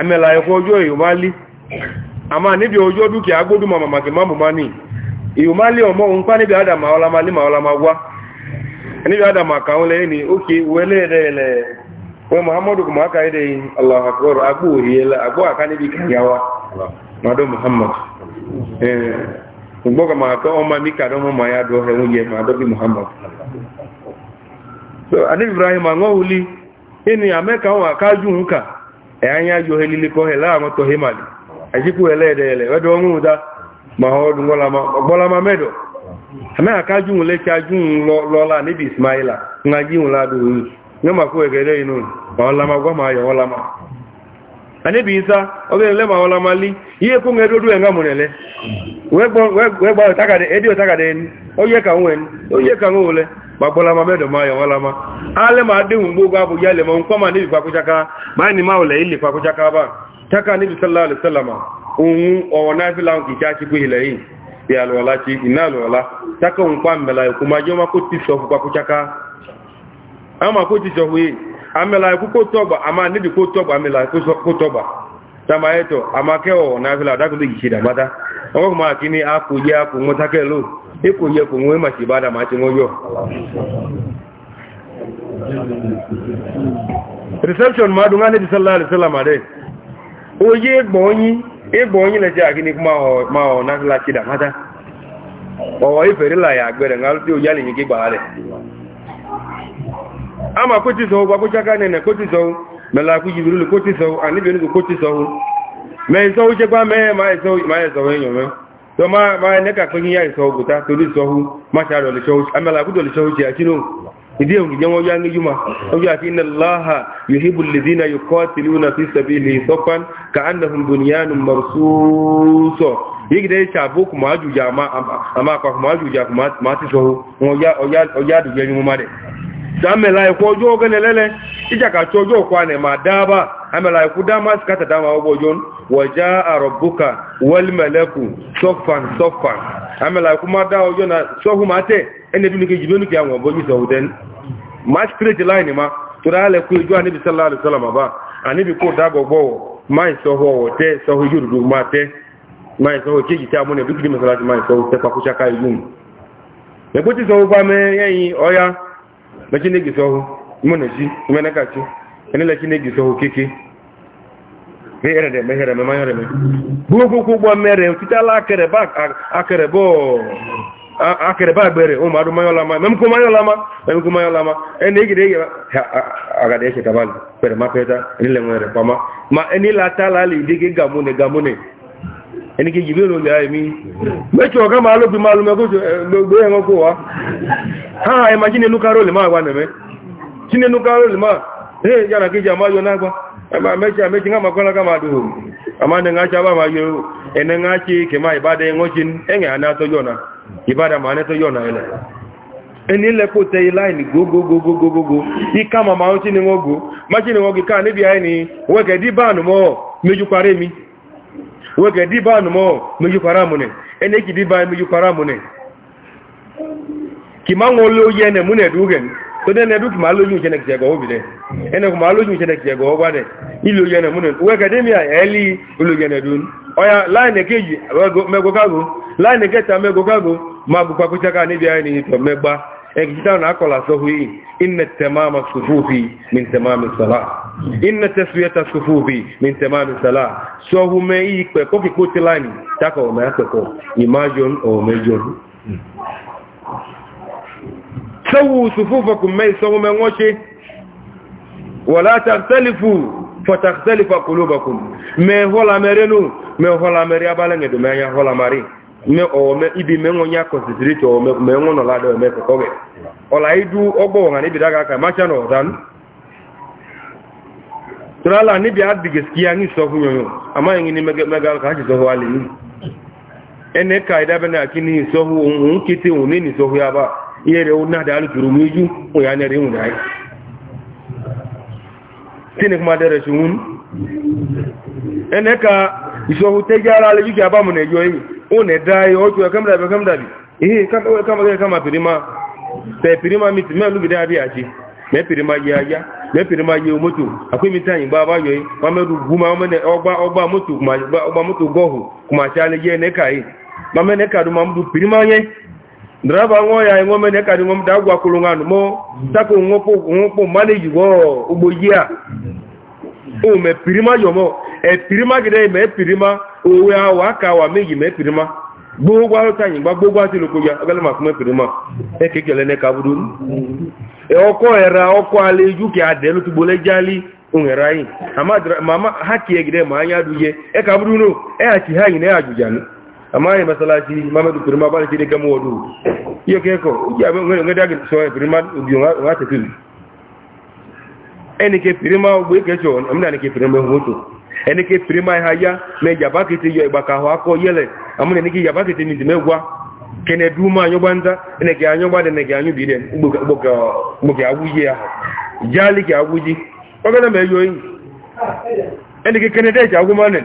àmẹ́lá ẹ̀kọ́ ama níbi ojú ọdún kí agbódú ma màmàkì má bù má ní ìhùmá lé ọmọ òun pa níbi adàmà ọlámà lé màọlámà wá níbi adàmà kàún lẹ́yìn ni ó kí wọ́n muhammadu kò máa káyé dẹ̀yìn allah akbar agbó òhìyẹlẹ agbó àká níbi kàyàwá madu muhammad ǹgbọ́ kà máa tọ́ ọmọ mi kà dánwó máa muhammad so anibi ibrahim àwọn òwúlí ẹni amẹ́kàwọn àkájú ń kà ẹ̀yà yá yọ ẹ̀ lílikọ́ ejiku elede ele wedo onwuda ma hodu ngolama ogbolama medo ame akaju nle kaju lola ni bi ismaila ngaji nla du nyoma ku egere inu olama gwa ma yo olama ani bi isa ogele ma olama li ye ku ngedo du enga munele wegbo wegbo takade edi otakade ni oye ka nwen oye ka ngole gbagbolama medo ma yo olama ale ma de ngbo gwa bu yale mo nkoma ni bi pakuchaka ma ni ma ole ile pakuchaka ba taka níbi sallallahu alaihi wasallama ohun ọ̀wọ̀ náà fi láwọn kìí ṣáṣí pé ilẹ̀ yìí bí alọ́ọ̀lá ṣe iná alọ́ọ̀lá taka ohun pa mẹ́la ẹ̀kú ma jẹ́ ọmọ kó ti sọ fún papọ̀ ṣaka ama kó ti sọ fún yìí amẹ́la ẹ̀kú kó tọ́gbà ama níbi kó tọ́gbà mẹ́la kó tọ́gbà tàmà ẹ̀tọ̀ ni a kò yẹ a kò mọ́ tákẹ́ lò é kò yẹ kò reception ma dùn á níbi sallallahu alaihi wasallama dẹ́ onye ịgba onye na-eji agịnị ma ọ na lachida mata ọwọ iferela ya agbere na alụta onye alịnyị gị gbagharị ama kotizọ gwa kụcha aka nene kotizọ mela akwụji birulu kotizọ anịbi onugwu kotizọ mee nsọ uchekwa mee ma ezọ enyome Tọ ma ne ka kwenye ya nsọ gwụta tolu nsọ hụ ma cha adọlịchọ amela akwụdọlịchọ uche ya chinu ìdí ẹ̀rù jẹ́ wọ́n yá ní yúmọ̀ ọjọ́ àti iná láha yòhíbù lèdínà yóò kọ́ tìlú na fi sàbí ilẹ̀ ìsọ́pán ka annahun bunyanun marsúsọ̀ yìí gidẹ́ ṣe àbókù máa jùjà àmà àpapọ̀ máa jùjà máa ti sọ́wọ́ wọn ọjá àdùjẹ́ ní mú má dẹ̀ sàmẹ́lá ẹ̀kọ́ ọjọ́ ọgẹ́lẹ́lẹ́lẹ́ ìjàkàtọ̀ ọjọ́ ọkọ̀ ànẹ̀ amala ku dama suka ta dama wajen waja a rabbuka wal malaku soffan soffan amala kuma da wajen na sohu mate ene bi nuke jibe nuke awon boji sauden ma straight line ma to da ala ku ju anabi sallallahu alaihi wasallam ba anabi ko da gbogbo ma sohu wo te sohu yurdu ma te ma sohu ke ji ta ne duk di masalati ma sohu te pa ku chaka yun ne ko ti sohu ba me yin oya me ki ne ki sohu mu ne ji me na ka ti enile chineke tọ okike hereme hereme ma hereme gbogbo ụgbọ mmere titala akịrịba agbere ụmụ adụ manya ọlama memkwu manya ọlama memkwu manya ọlama enegide eghe agada eche kabali pere mapeta enile nwere kpama ma enile atala ala idege gamune gamune ẹnìkì jìbí olóòlù àìmí mẹ́tù ha ee ya na ka iji ama yo n'agba amechi ama ba ma yo ene ngachi ibada enwochin enge ana to yona ibada ma ne to yona ele eni le ko te line go go go go go go ma ma ochi ni ngogo ma chi ni ngogo ka ni bi ai ni we ke di banu mo meju kware mi we ke di mo meju ene ki di ba meju tode ne duk ma loju je nek jego obide ene ko ma loju je nek jego obade ilo yene mun we academia eli ilo yene dun oya line keji me go kago line keta me go kago ma bu kwa kuchaka ni bi ani to megba e kita na akola so hui inna tamama sufufi min tamami salah inna taswiyata sufufi min tamami salah so hume ipe ko ki ko tilani tako me ko imagine o سووا صفوفكم ما يسووا من وشي ولا تختلفوا فتختلف قلوبكم ما هو me ما هو لامريا بالنگ ما يا هو لامري me o me ibi me ngonya concentrate o me me ngono la do me ko be ola idu ogbo ngani bi ka dan ni bi ni nyonyo ama ni mega ka ji ni ene ka bena un kiti un ni ya ba ihe rewu na da alukuru mu iju oya ne rewu na yi tini kuma dere shi hun ene ka isohu te gyara ale yuki abamu ne yo yi o ne da yi o tuwa kamda bi ihe kama kama kama pirima pe pirima miti me lubi da bi aji pirima ya ya me pirima ya moto akwai mi tanyi ba ba ma me du guma ma ne ogba ogba moto moto ma ka ma pirima draba nwo ya nwo mene ka ni ngom da gwa kulungano mo taku ngopo ngopo manage go ugbojia o me pirima yomo e pirima gide me pirima owe awa aka wa meji me pirima gbogbo aro tanyi gba gbogbo ati loko ya agala ma kuma pirima e kekele ne kabudu e oko era oko aleju ki ade lu tubole jali unherai ama mama haki egide ma anya duje e kabudu no e haki hayi ne ajujani amma yi masalaci mamadu firma ba da shi da gama wadu iya kai ko uji abin wani wani dagin shawai firma biyu na fili ẹni firma ogbo ike ṣo ọmọdé ni ke firma hoto ẹni ke firma ihaya ya, yaba kete yọ ìgbà kahọ akọ yẹlẹ amúnẹ yaba anyọgba nta anyọgba ke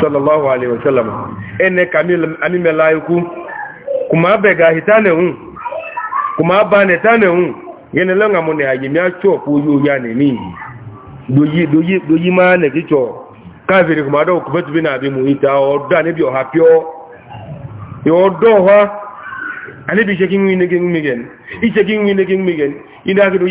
sallallahu alaihi wasallam ene kamil ami malaiku kuma bega hitane hun kuma bane tane hun yene lenga mo ne ajimi acho ku yu ya ne mi doyi doyi doyi ma ne kicho kafiri kuma do ku betu bina bi mu ita o da ne bi o hapio yo do ha ani bi shekin wi ne gen mi gen i shekin wi ne gen mi gen ida ka do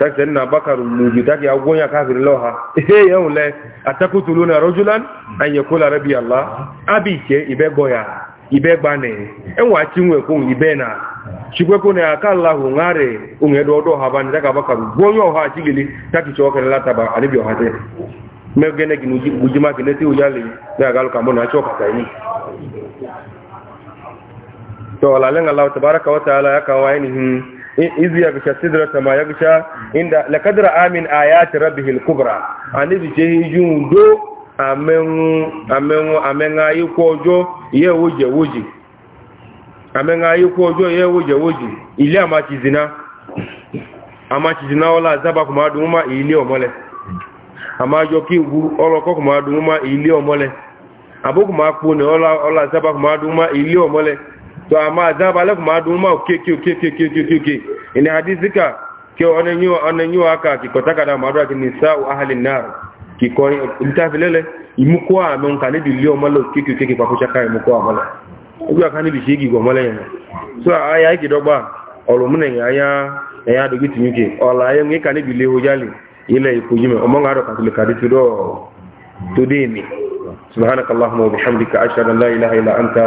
تكتن ان بكر موجودك يقول يا كافر لوها ايه يوم لا اتقتلون رجلا ان يقول ربي الله ابي na يبي غويا يبي باني انوا تشينو كون يبينا شيكو ne akalla hu ngare unge dodo haban daga bakar gonyo ha chigili taki chokere lataba alibi ha daga alka to ala lenga Allah tabaraka wa taala yakawa ainihin iz yagsha sidrata ma yagsha inda laqad ra'a min ayati rabbihil kubra anibi je hijun do amenu amenu amenga yiko ojo ye woje woje amenga yiko ojo ye woje woje ile amati zina amati zina ola zaba kuma duma ile omole amajo ki wu oroko kuma duma ile omole abokuma po ne ola ola zaba kuma duma ile omole to amma azaba lakum adu ma ke ke ke ke ke ke ke ini hadisi ka ke onan yiwa onan yiwa ka ki ko takada madura ki nisa'u ahlin nar ki ko mtafilele imuko amen ka ni dilio malo ke ke ke ke papo chaka imuko amala ogu aka ni bishigi go mala yana so aya ki dogba olumune aya aya do gitu nyuke ola aya ngi ka ni dilio jali ile ikujime omonga ro ka tuli kaditu do tudini subhanakallahumma wa bihamdika ashhadu an la ilaha illa anta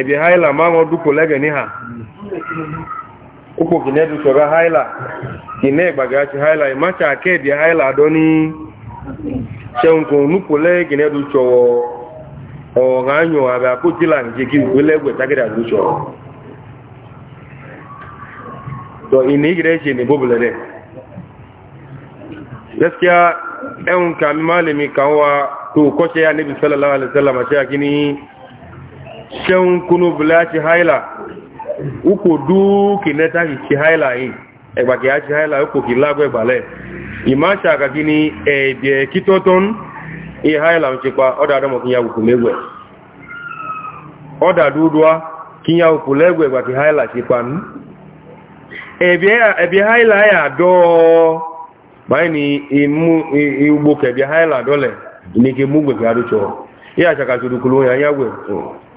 ebi haila ma ŋo du kolege ni ha kupo kine du soga haila kine gbaga ci haila ma ca ebi haila doni seun ko nu kole kine du cowo o ŋa nyo abe ako tila nje ki wele gwe tagere adu to ini gire ce ne bobule de gaskiya ɗan kami malami kawowa to kwace ya nabi sallallahu alaihi wasallam a shi a ṣeun kunu bula ti haila uku duki neta ti haila yi ẹgbàkì e á ti haila uku kì lágbẹ́ ìgbàlẹ̀ ìmá ṣàkàkí ni ẹ̀ẹ̀dẹ̀ kí tó tún i haila ń ṣepa ọ́dà adọ́mọ̀ kí ya òkú lẹ́gbẹ̀ ọ́dà dúdúwá kí ya òkú lẹ́gbẹ̀ ẹgbàkì haila ṣe pa ní ẹ̀bẹ̀ haila yà dọ́ báyìí ni ìgbòkẹ̀bẹ̀ haila dọ́lẹ̀ ní kí mú gbẹ̀gbẹ̀ adúchọ́ yíyà ṣàkàṣ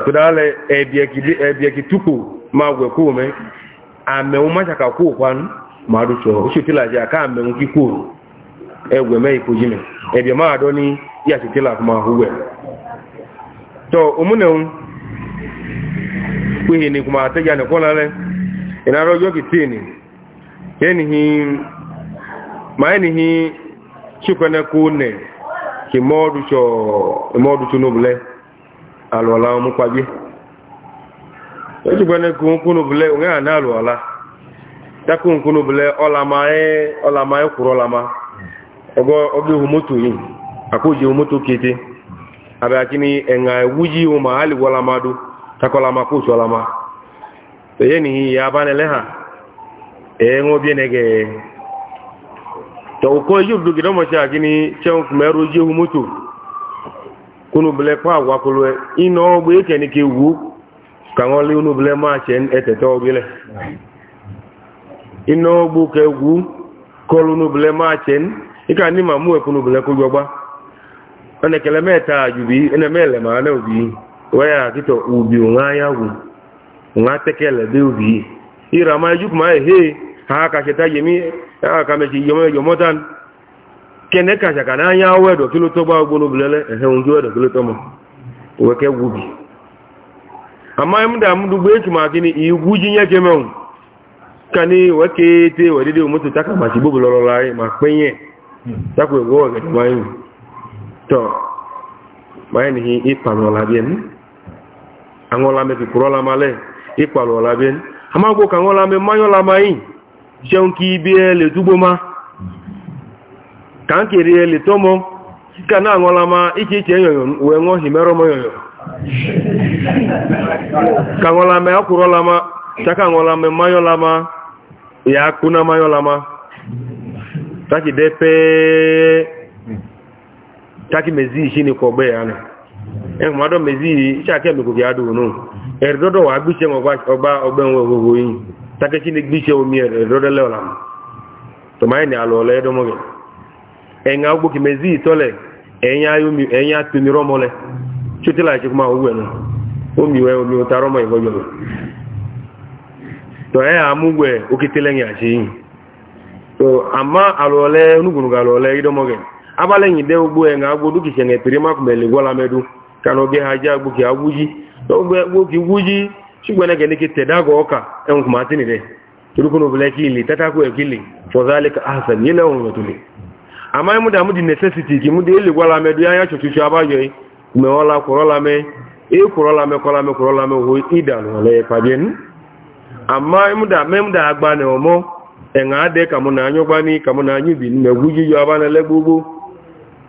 tudale ebie ki tuku ma gwe ameumacha me ame o ma saka ku kwan ma du so o shiti la ja ka ame un ki ku egwe me ipo jime ebie ma ni ya shiti la huwe to umune un ku ni kuma te ja ne kona le ina ro yo hi ma hi chukene ku ki modu cho modu alụọla mụkpagị ejikwana kunkwunubule onwe ha na-alụọla takunkwunubule ọlamae e, kwuru ma ọgbọ ihu moto yi akụji moto kete enga ma ha ligwọ ọlamado takọlama kootu ọlama eye na ihe ya abanele ha ee ṅụọ bie nege tọ ụkọ iji obodo a gịnị ji ihu moto unubele kpa agwa kwụlụ ịnọ e. ọgbụ ekenike wu ka ṅụọlị unubele maachị etete ọgbile ịnọ ọgbụ ka egwu kọlụ unubele maachị ịka ndị ma mụ ekunubele kwụjọgba ọna ekele m ete ajụbi ene m ele ma na obi wee ya kịtọ ubi ụnwa ya wu ụnwa tekele be ubi. ịra ma ejupụ ma ehe ha kacha ta yemi ha ka mechi tan. kene ka jaka na anya awe do kilo to ba ehe ndu we kilo to gubi ama im da du gbe ma kini igu ji nye ke meun kani we ke te taka ma ti bo lo ma penye to ma hi la bien angola me male la bien ama go ka me mayo mai seun ki bi le ka m kere eleta ụmụ ka na-aṅụla ma iche iche yoyo wee ṅụọ himere yoyo ka ṅụla ma akwụrụla ma chaka ṅụla ma mmanya ọla ma ya akụ na mmanya ọla ma takide pee taki mezi ishi ni kọgbe ya na ẹgbẹ̀mọ́dọ̀ e, mezi iṣẹ́ kẹ́mìkò kí adùn nù ẹ̀rọ̀dọ́dọ̀ wà gbíṣẹ́ ọgbà ọgbẹ̀wọ̀n ogogo yìí takechi ni gbíṣẹ́ omi ẹ̀rọ̀dọ́dọ́lẹ́ ọ̀làmù tọmáyẹ̀ alụ ọla ọ̀lẹ́ gị. ẹ̀yà ogbókì mẹ́zí ìtọ́lẹ̀ ẹ̀yà tómi rọ́mọlẹ̀ tí ó tí láì ṣekú máa owó ẹ̀nà omi ìwẹ̀ omi ò tarọ́mọ ìwọ́jọ́ lọ tọ́ ẹ̀ àmúgbẹ̀ òkété lẹ́yìn àṣẹ yìí tọ́ àmá àlọ́ọ̀lẹ́ onúgùnùgà àlọ́ọ̀lẹ́ ìdọ́mọ́gẹ̀ abálẹ́yìn dẹ́ ogbó ẹ̀yà ogbó dúkìṣẹ̀ ẹ̀ pèrè mákùnmẹ̀lẹ̀ wọ́lámẹ́dú kanọ́ amaghị m da m dị nesesiti gị m dị eligwala medu anya chọchụchụ abaghị me ọla kwụrọla me ịkwụrọla e mekwala mekwụrọla me wo ịdanụla m da me da agba na ọmọ ẹ̀ngà adị ka mụ na bá ní ka mụ na bí ní mẹ̀gbú yíyọ abánilẹ́ gbogbo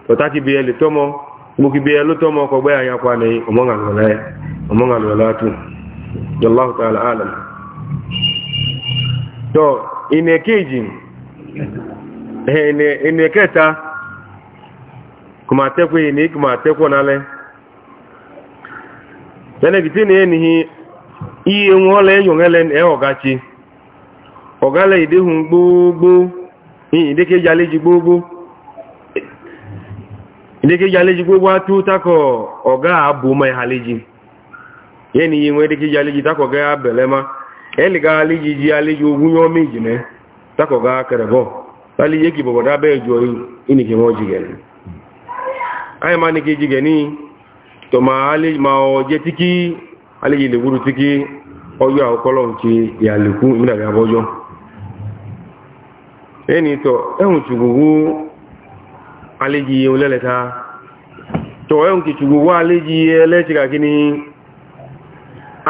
tọ́ta ugbo bí ẹ lè tọ́mọ gbogbo bí ẹ ló tọ́mọ ọkọ̀gbẹ́ àyàkwá ní ọmọ́ngàlọ́lá tún ẹni ẹ̀kẹta kò máa tẹ́kọ̀ yìí ní kò máa tẹ́kọ̀ nálẹ́ lẹ́nẹ̀kìtì ní ẹni iye wọn lẹ́yìn ẹlẹ́ni ẹ̀ ọ̀gá gbogbo ìdíkéjà gbogbo ìdíkéjà léjì gbogbo ọ̀gá àbò mọ́ ìhà léjì yẹ́ ni iye wọn ìdíkéjà ẹ̀lẹ́gà ogún yọ́ mẹ́ ọ̀gá lálé yé kì bọ̀bọ̀ dábẹ́ ìjọ ìnìkì wọ́n jìgẹ̀ ní ayé máa ní kí jìgẹ̀ ní tọ́ máa jẹ́ tí kí aléyè lè wúrú tí kí ọjọ́ àkọ́lọ̀ ti to ìmìnàrí abọ́jọ́ ẹni tọ́ ẹ̀hùn ali aléyè olẹ́lẹ́ta tọ́ ẹ̀hùn kì ṣùgbogbo aléyè ẹlẹ́tìkà kí ni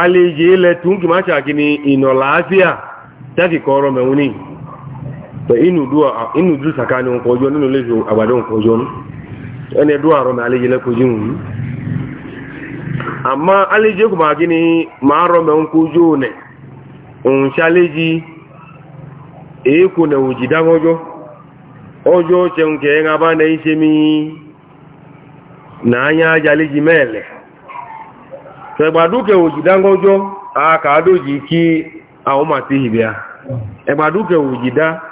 aléyè lẹ́tún kì máa ṣàkí ni ìnọ̀láàfíà jákìkọ́ ọ̀rọ̀ mẹ́wọ́n ní tẹ inú dúà inú dúró sàkáni òun kọjọ nínú léṣe àgbàdo òun kọjọ nù ẹni dúà rọ mi alẹ́ yẹlẹ́ kojú wù mí àmọ́ alẹ́ jẹ́ kò máa gíní máa rọ mi òun kojú nẹ̀ òun ṣàlẹ́jì èékò nẹ̀ òjì dáńgọ́jọ́ ọjọ́ ṣẹun kẹ́ ẹ̀ ń bá nẹ́ ṣe mí náà yá jalẹ́jì mẹ́ẹ̀lẹ̀ tẹ̀gbàdúkẹ̀ òjì dáńgọ́jọ́ àkàdójì kí àwọn màtí ìbíà ẹ̀gbàdúkẹ̀ òjì dáńgọ́jọ́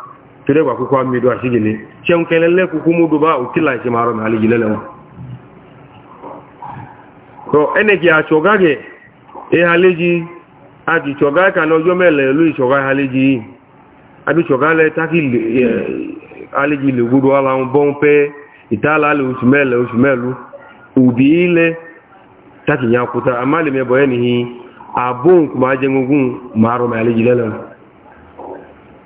tere kwa kuko amido ashigini che nkelele kukumudu ba ukila che maro na aligilele wa to ene ki achogage e haleji aji choga ka lojo mele lu choga haleji abi choga le taki haleji e, le gudu ala un bon pe itala le usmele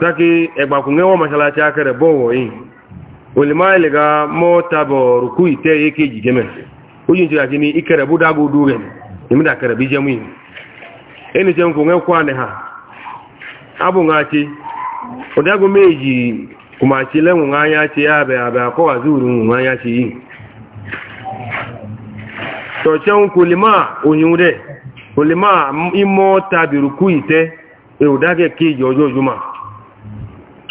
taki ẹgbàkùn ẹwọ́n maṣalaṣi akẹrẹ bọ́wọ̀ yìí olùmọ́ẹ̀lẹ̀ ga mọ́ tàbọ̀ rùkú ìtẹ́ yẹ́kẹ́ jìgẹ́mẹ̀ ó yìí tí a kí ní ikẹrẹ bú dágó dú rẹ̀ nímúdà kẹrẹ bí jẹ́mú yìí ẹni jẹ́ nkùn ẹkọ́ ànẹ̀ ha abùngáṣe ọ̀dágún méjì kùmàṣe lẹ́wùn ányáṣe abẹ abẹ akọ́wàzúrù ányáṣe yìí tọ̀ṣẹ́un kò lè máa òyìn rẹ̀ kò ọjọ́ ìjùmọ̀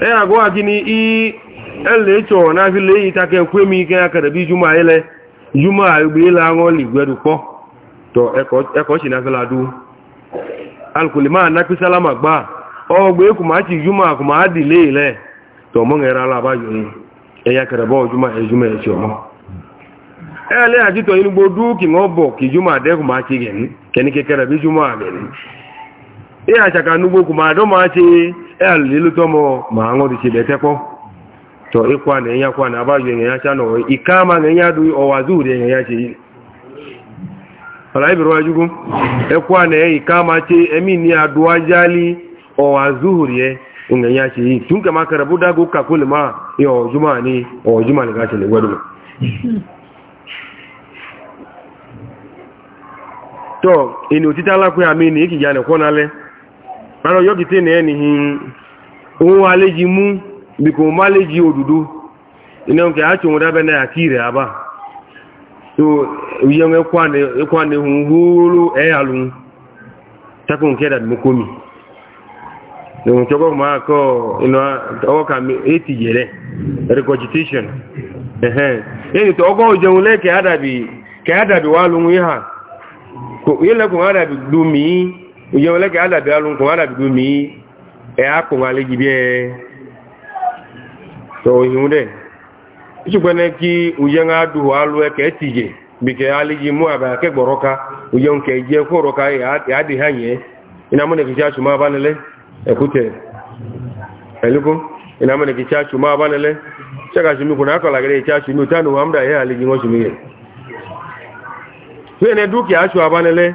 e agwa gị ni ele cho na fi le ita ke kwe mi ke akara bi juma ile juma igbe ile awon li gbedu po to eko eko si na fi ladu alkulima na ki salama gba o gbe ku ma ti juma ku ma di le ile to mo ngera la ba yo e ya kare bo juma e juma e cho mo ele aji to yin gbodu ki ngo bo ka juma de ku ma ti gen keni ke kare bi juma be e achaka n'ugbo kwu ma adọ ma achị alụlụtọ m ma aṅụ dịchi betekpọ tọ ịkwa na enye akwa na abajụ enye ya cha na ike ama na enye adụghị ọwa zuri enye ya chi ọla ibiri wajugwu ekwa na ike ama chi emini adụwajali ọwa zuri enye ma ya ọjuma ni ọjuma ni gashi ne gwadu tọ amini ikija ne kwọnale mana ọjọ́ kìtẹ́ ní ẹni ohun aléjì mú bí kò má léjì òdúdó iná ń kẹ́ á tòun dábẹ́ náà kí rẹ̀ àbá tó yẹn ẹkọ́ ní ohun hóró ẹ̀yà lóhun takùn kẹ́dà mú kómi lóhun tí ọgọ́gùn máa kọ́ ọwọ́ ka mi recogitation ẹni tó òjẹun lẹ́kẹ̀ẹ́ àdàbì wà lóhun àdàbì ìjọba lẹ́kẹ̀ alàbẹ̀ alùnkùn alàbìgbò mi ẹ̀yà kùn alẹ́gì bí ẹ tọ ìhun dẹ̀ ìṣùgbọ́n kí òjẹ́ ń adù alù ẹ̀kẹ́ ti jẹ bìkẹ́ alẹ́gì mú àbẹ̀ akẹ́gbọ̀rọ̀ ká òjẹ́ ń kẹ́ jẹ́ kọ́rọ̀ ká ìyáde hàn yẹn iná mọ́nà kìí ṣáṣù máa bánilẹ́ ẹ̀kútẹ̀ ẹ̀lúkún iná mọ́nà kìí ṣáṣù máa bánilẹ́ ṣẹ́kàṣù mi kùnà akọ̀làgẹ́rẹ́ ìṣáṣù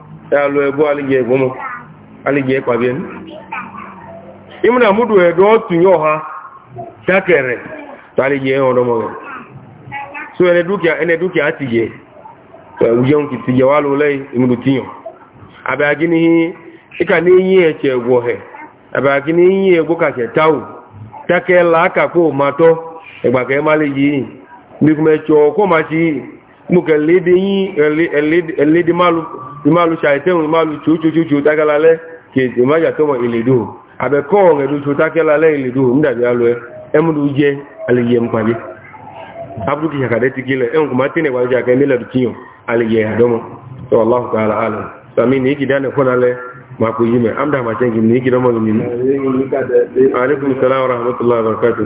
ẹ̀lọ ẹgbọ́ alìyẹ ẹgbọ́mọ́ alìyẹ ẹpàbí ẹni ìmúnà múdù ẹ̀dọ́ ọ̀tún yọ ha dákẹ̀rẹ̀ tàlìyẹ ọ̀dọ́mọ́ rẹ̀ so ẹni dúkìá ẹni dúkìá ti yẹ ẹ̀wùjẹun kì ti yẹ wá lọ lẹ́yìn ìmúdù tíyàn àbẹ̀agí ní ma nuka lede yin lede malu malu shaitan malu chuchuchu takala ke to mo iledo abe ko nge du chu takala iledo nda bi alo e mudu je ale ye mpabi abdu ki hakade tikile en kuma tine wa ja ke mele dukinyo ale ye adomo to allah ta'ala alam sami ni kidane kona le ma ku yime amda ma ni ni alaikum salam wa rahmatullahi wa barakatuh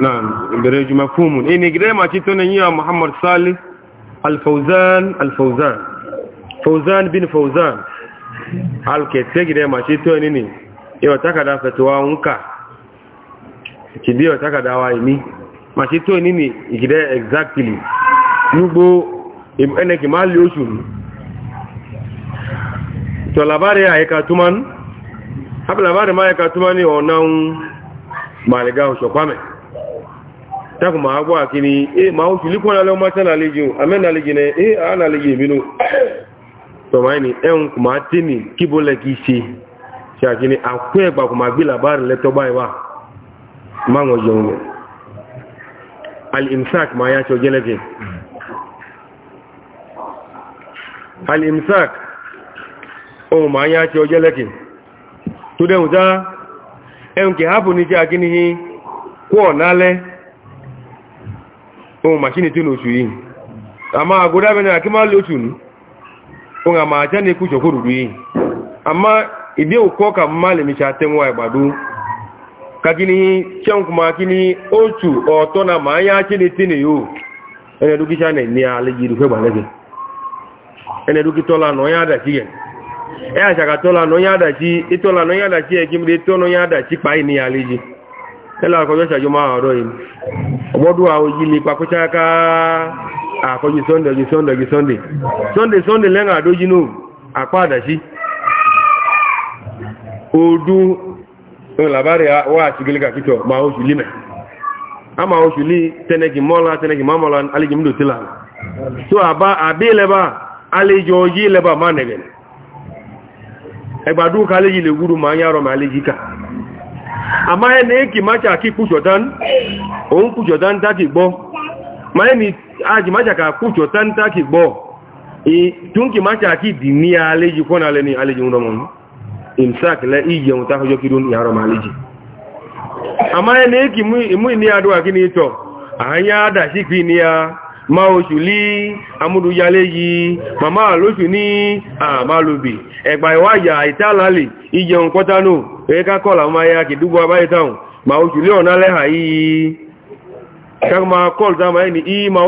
نعم بريج مفهوم إني قرأ ما تتوني يا محمد صالح الفوزان الفوزان فوزان بن فوزان alkete gida ma shi to ne yau takada fatuwa nka ki biyo takada wa ni ma shi to ne gida exactly nugbo ene ki ma li osu to labari ya ka tuman hab labari ma ya ka tuman ni onan maliga oṣọ̀pámẹ̀ takù ma agbó àkíní E ma oṣù lípọ̀ nálẹ́ ọmọ tẹ́ nàlejì amẹ́ nàlejì nẹ eh a nàlejì ìbínú tọ̀máìní ẹun kù máa tí ní kíbólẹ̀ kí ṣe ṣe àkíní àkú ẹgbà kù máa gbé làbárì lẹ́tọ́gbà ìwà máwọn jẹun rẹ̀ ẹun kì ha bù ní jẹ́ agíníhí kwọ́ nálẹ́ ohun màṣínì tí lóṣù yìí a máa gọ́dá bẹ́ẹ̀ kí máa lóṣù ní ohun àmà àjá ní kúṣọ̀ fòrùrù yìí a ìdí òkọ́ ka má lè mìṣà tẹ́wọ́ ìgbàdó kagíníhí kẹ́hùnkùnmá kí ní oṣù ọ̀tọ́ na máa yá kí ní tí ni yóò ẹnẹ́dúkíṣà ní alẹ́ yìí rúfẹ́ gbàlẹ́gẹ̀ẹ́ ẹnẹ́dúkítọ́lá yá dà e ajaga tola no ya dachi itola no ya dachi egimre to no ya dachi pa ini aleji tela ko yosa juma oro yin omodu awo yi mi pa ko chaka a ko ji sunday ji sunday wa sigilika kito ma ama o juli tenegi mola tenegi mamola aliji mdo so aba abi leba ẹgbàdú kalé yìí lè gúrù ma ń yàrọ ma lè yíká àmá ẹni èkì máṣà kí kúṣọ̀tán òun kúṣọ̀tán tákì gbọ́ ma ẹni ajì máṣà ká kúṣọ̀tán tákì gbọ́ ìtúnkì máṣà kí dì ní alẹ́jì kọ́nà alẹ́ni alẹ́jì ń rọmọ imsak lẹ́ ìyẹun táfẹ́jọ́ kí ma oṣù lí amúdúyalé yìí màmá lóṣù ní àmàlòbì ẹ̀gbà ìwáyà ìtàlálì ìjẹun kọtánù ẹ̀ẹ́ká kọlà máa ya kìdúgbò abáyétàun ma oṣù lí ọ̀nà lẹ́hà yìí kàkùnmà ma máa ní ìyí ma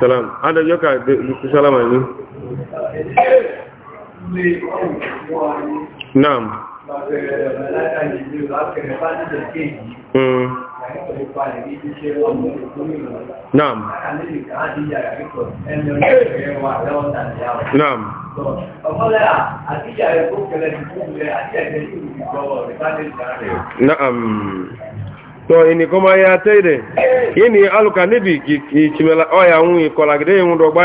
salam. Adab yoka, Naam. Naam. Naam. Naam. tọ ịnịkọma ya ate ire ịnị alụka nebi ikimela ọya nwụ ịkọlagide ịnwụ dọgba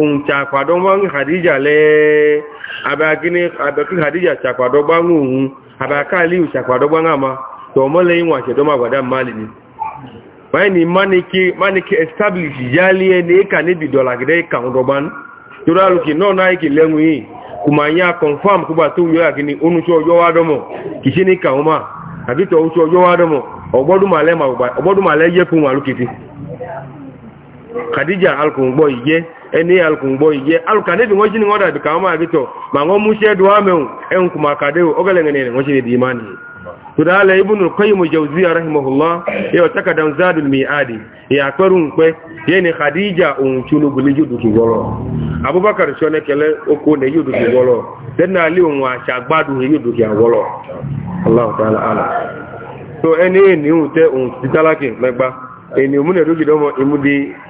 ohun chàpàdọ́ wọ́n hàdíjà lẹ́ abẹ́kí hàdíjà chàpàdọ́ gbá ń òun abẹ́kálíù chàpàdọ́ gbá ń àmá tọ́ mọ́lẹ̀ ìwọ̀n àṣẹ̀dọ́ ma gbàdá mali ni báyìí ni mánìkí establish yálé ẹni ẹka níbi dọ̀là gẹ́gẹ́ kàndọ̀gbán torí alùkì náà náà ikì lẹ́wìn yìí kò máa yá confam kó bá tó yọ ọjọ́ dọ́mọ̀ kì ní ẹni alùkùngbọ́ ìjẹ́ alùkà níbi wọ́n ṣíni wọ́n dàbí kàwọn máa gítọ̀ ma wọ́n mú ṣẹ́dù àmẹ́hùn ẹ̀hùn kù máa kàdé ọgọ́lẹ̀ngẹ̀ni rẹ̀ wọ́n ṣe dìí máa nìyí tùdálẹ̀ ibùnú kọ́yìmù jẹ́uzí arahimahullah yóò takàdà zadul mi'adi ya pẹ́rù ń pẹ́ yẹ́ ni khadija ohun tí olóbulé yóò dùkú gọ́lọ̀ abubakar sọ nẹ́kẹ̀lẹ́ oko ne yóò dùkú gọ́lọ̀ tẹ́nà alẹ́ ohun àṣà gbádùn ne yóò dùkú àgọ́lọ̀ allahu ta'ala ala so ẹni ìmúdi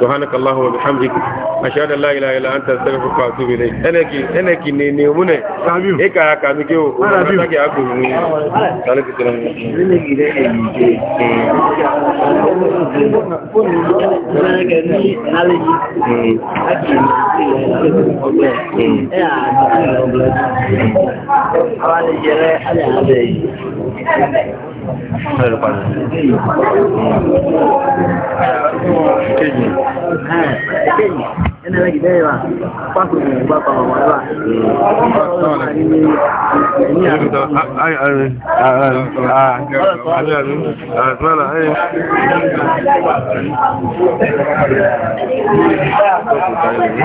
سبحانك الله وبحمدك أشهد أن لا إله إلا أنت أستغفرك وأتوب إليك أنا كي أنا كي ني ني من إيه كا كا ميكيو أنا كي أكو مني أنا كي تلام Ẹ̀rọ padà sí. Kéjì. Kéjì. Ẹni ẹ̀rọ ìdẹ́ ìwà, pápọ̀ ìrìn ìgbà pàmò wà lọ́wà. Ọ̀rọ̀ tó wà ní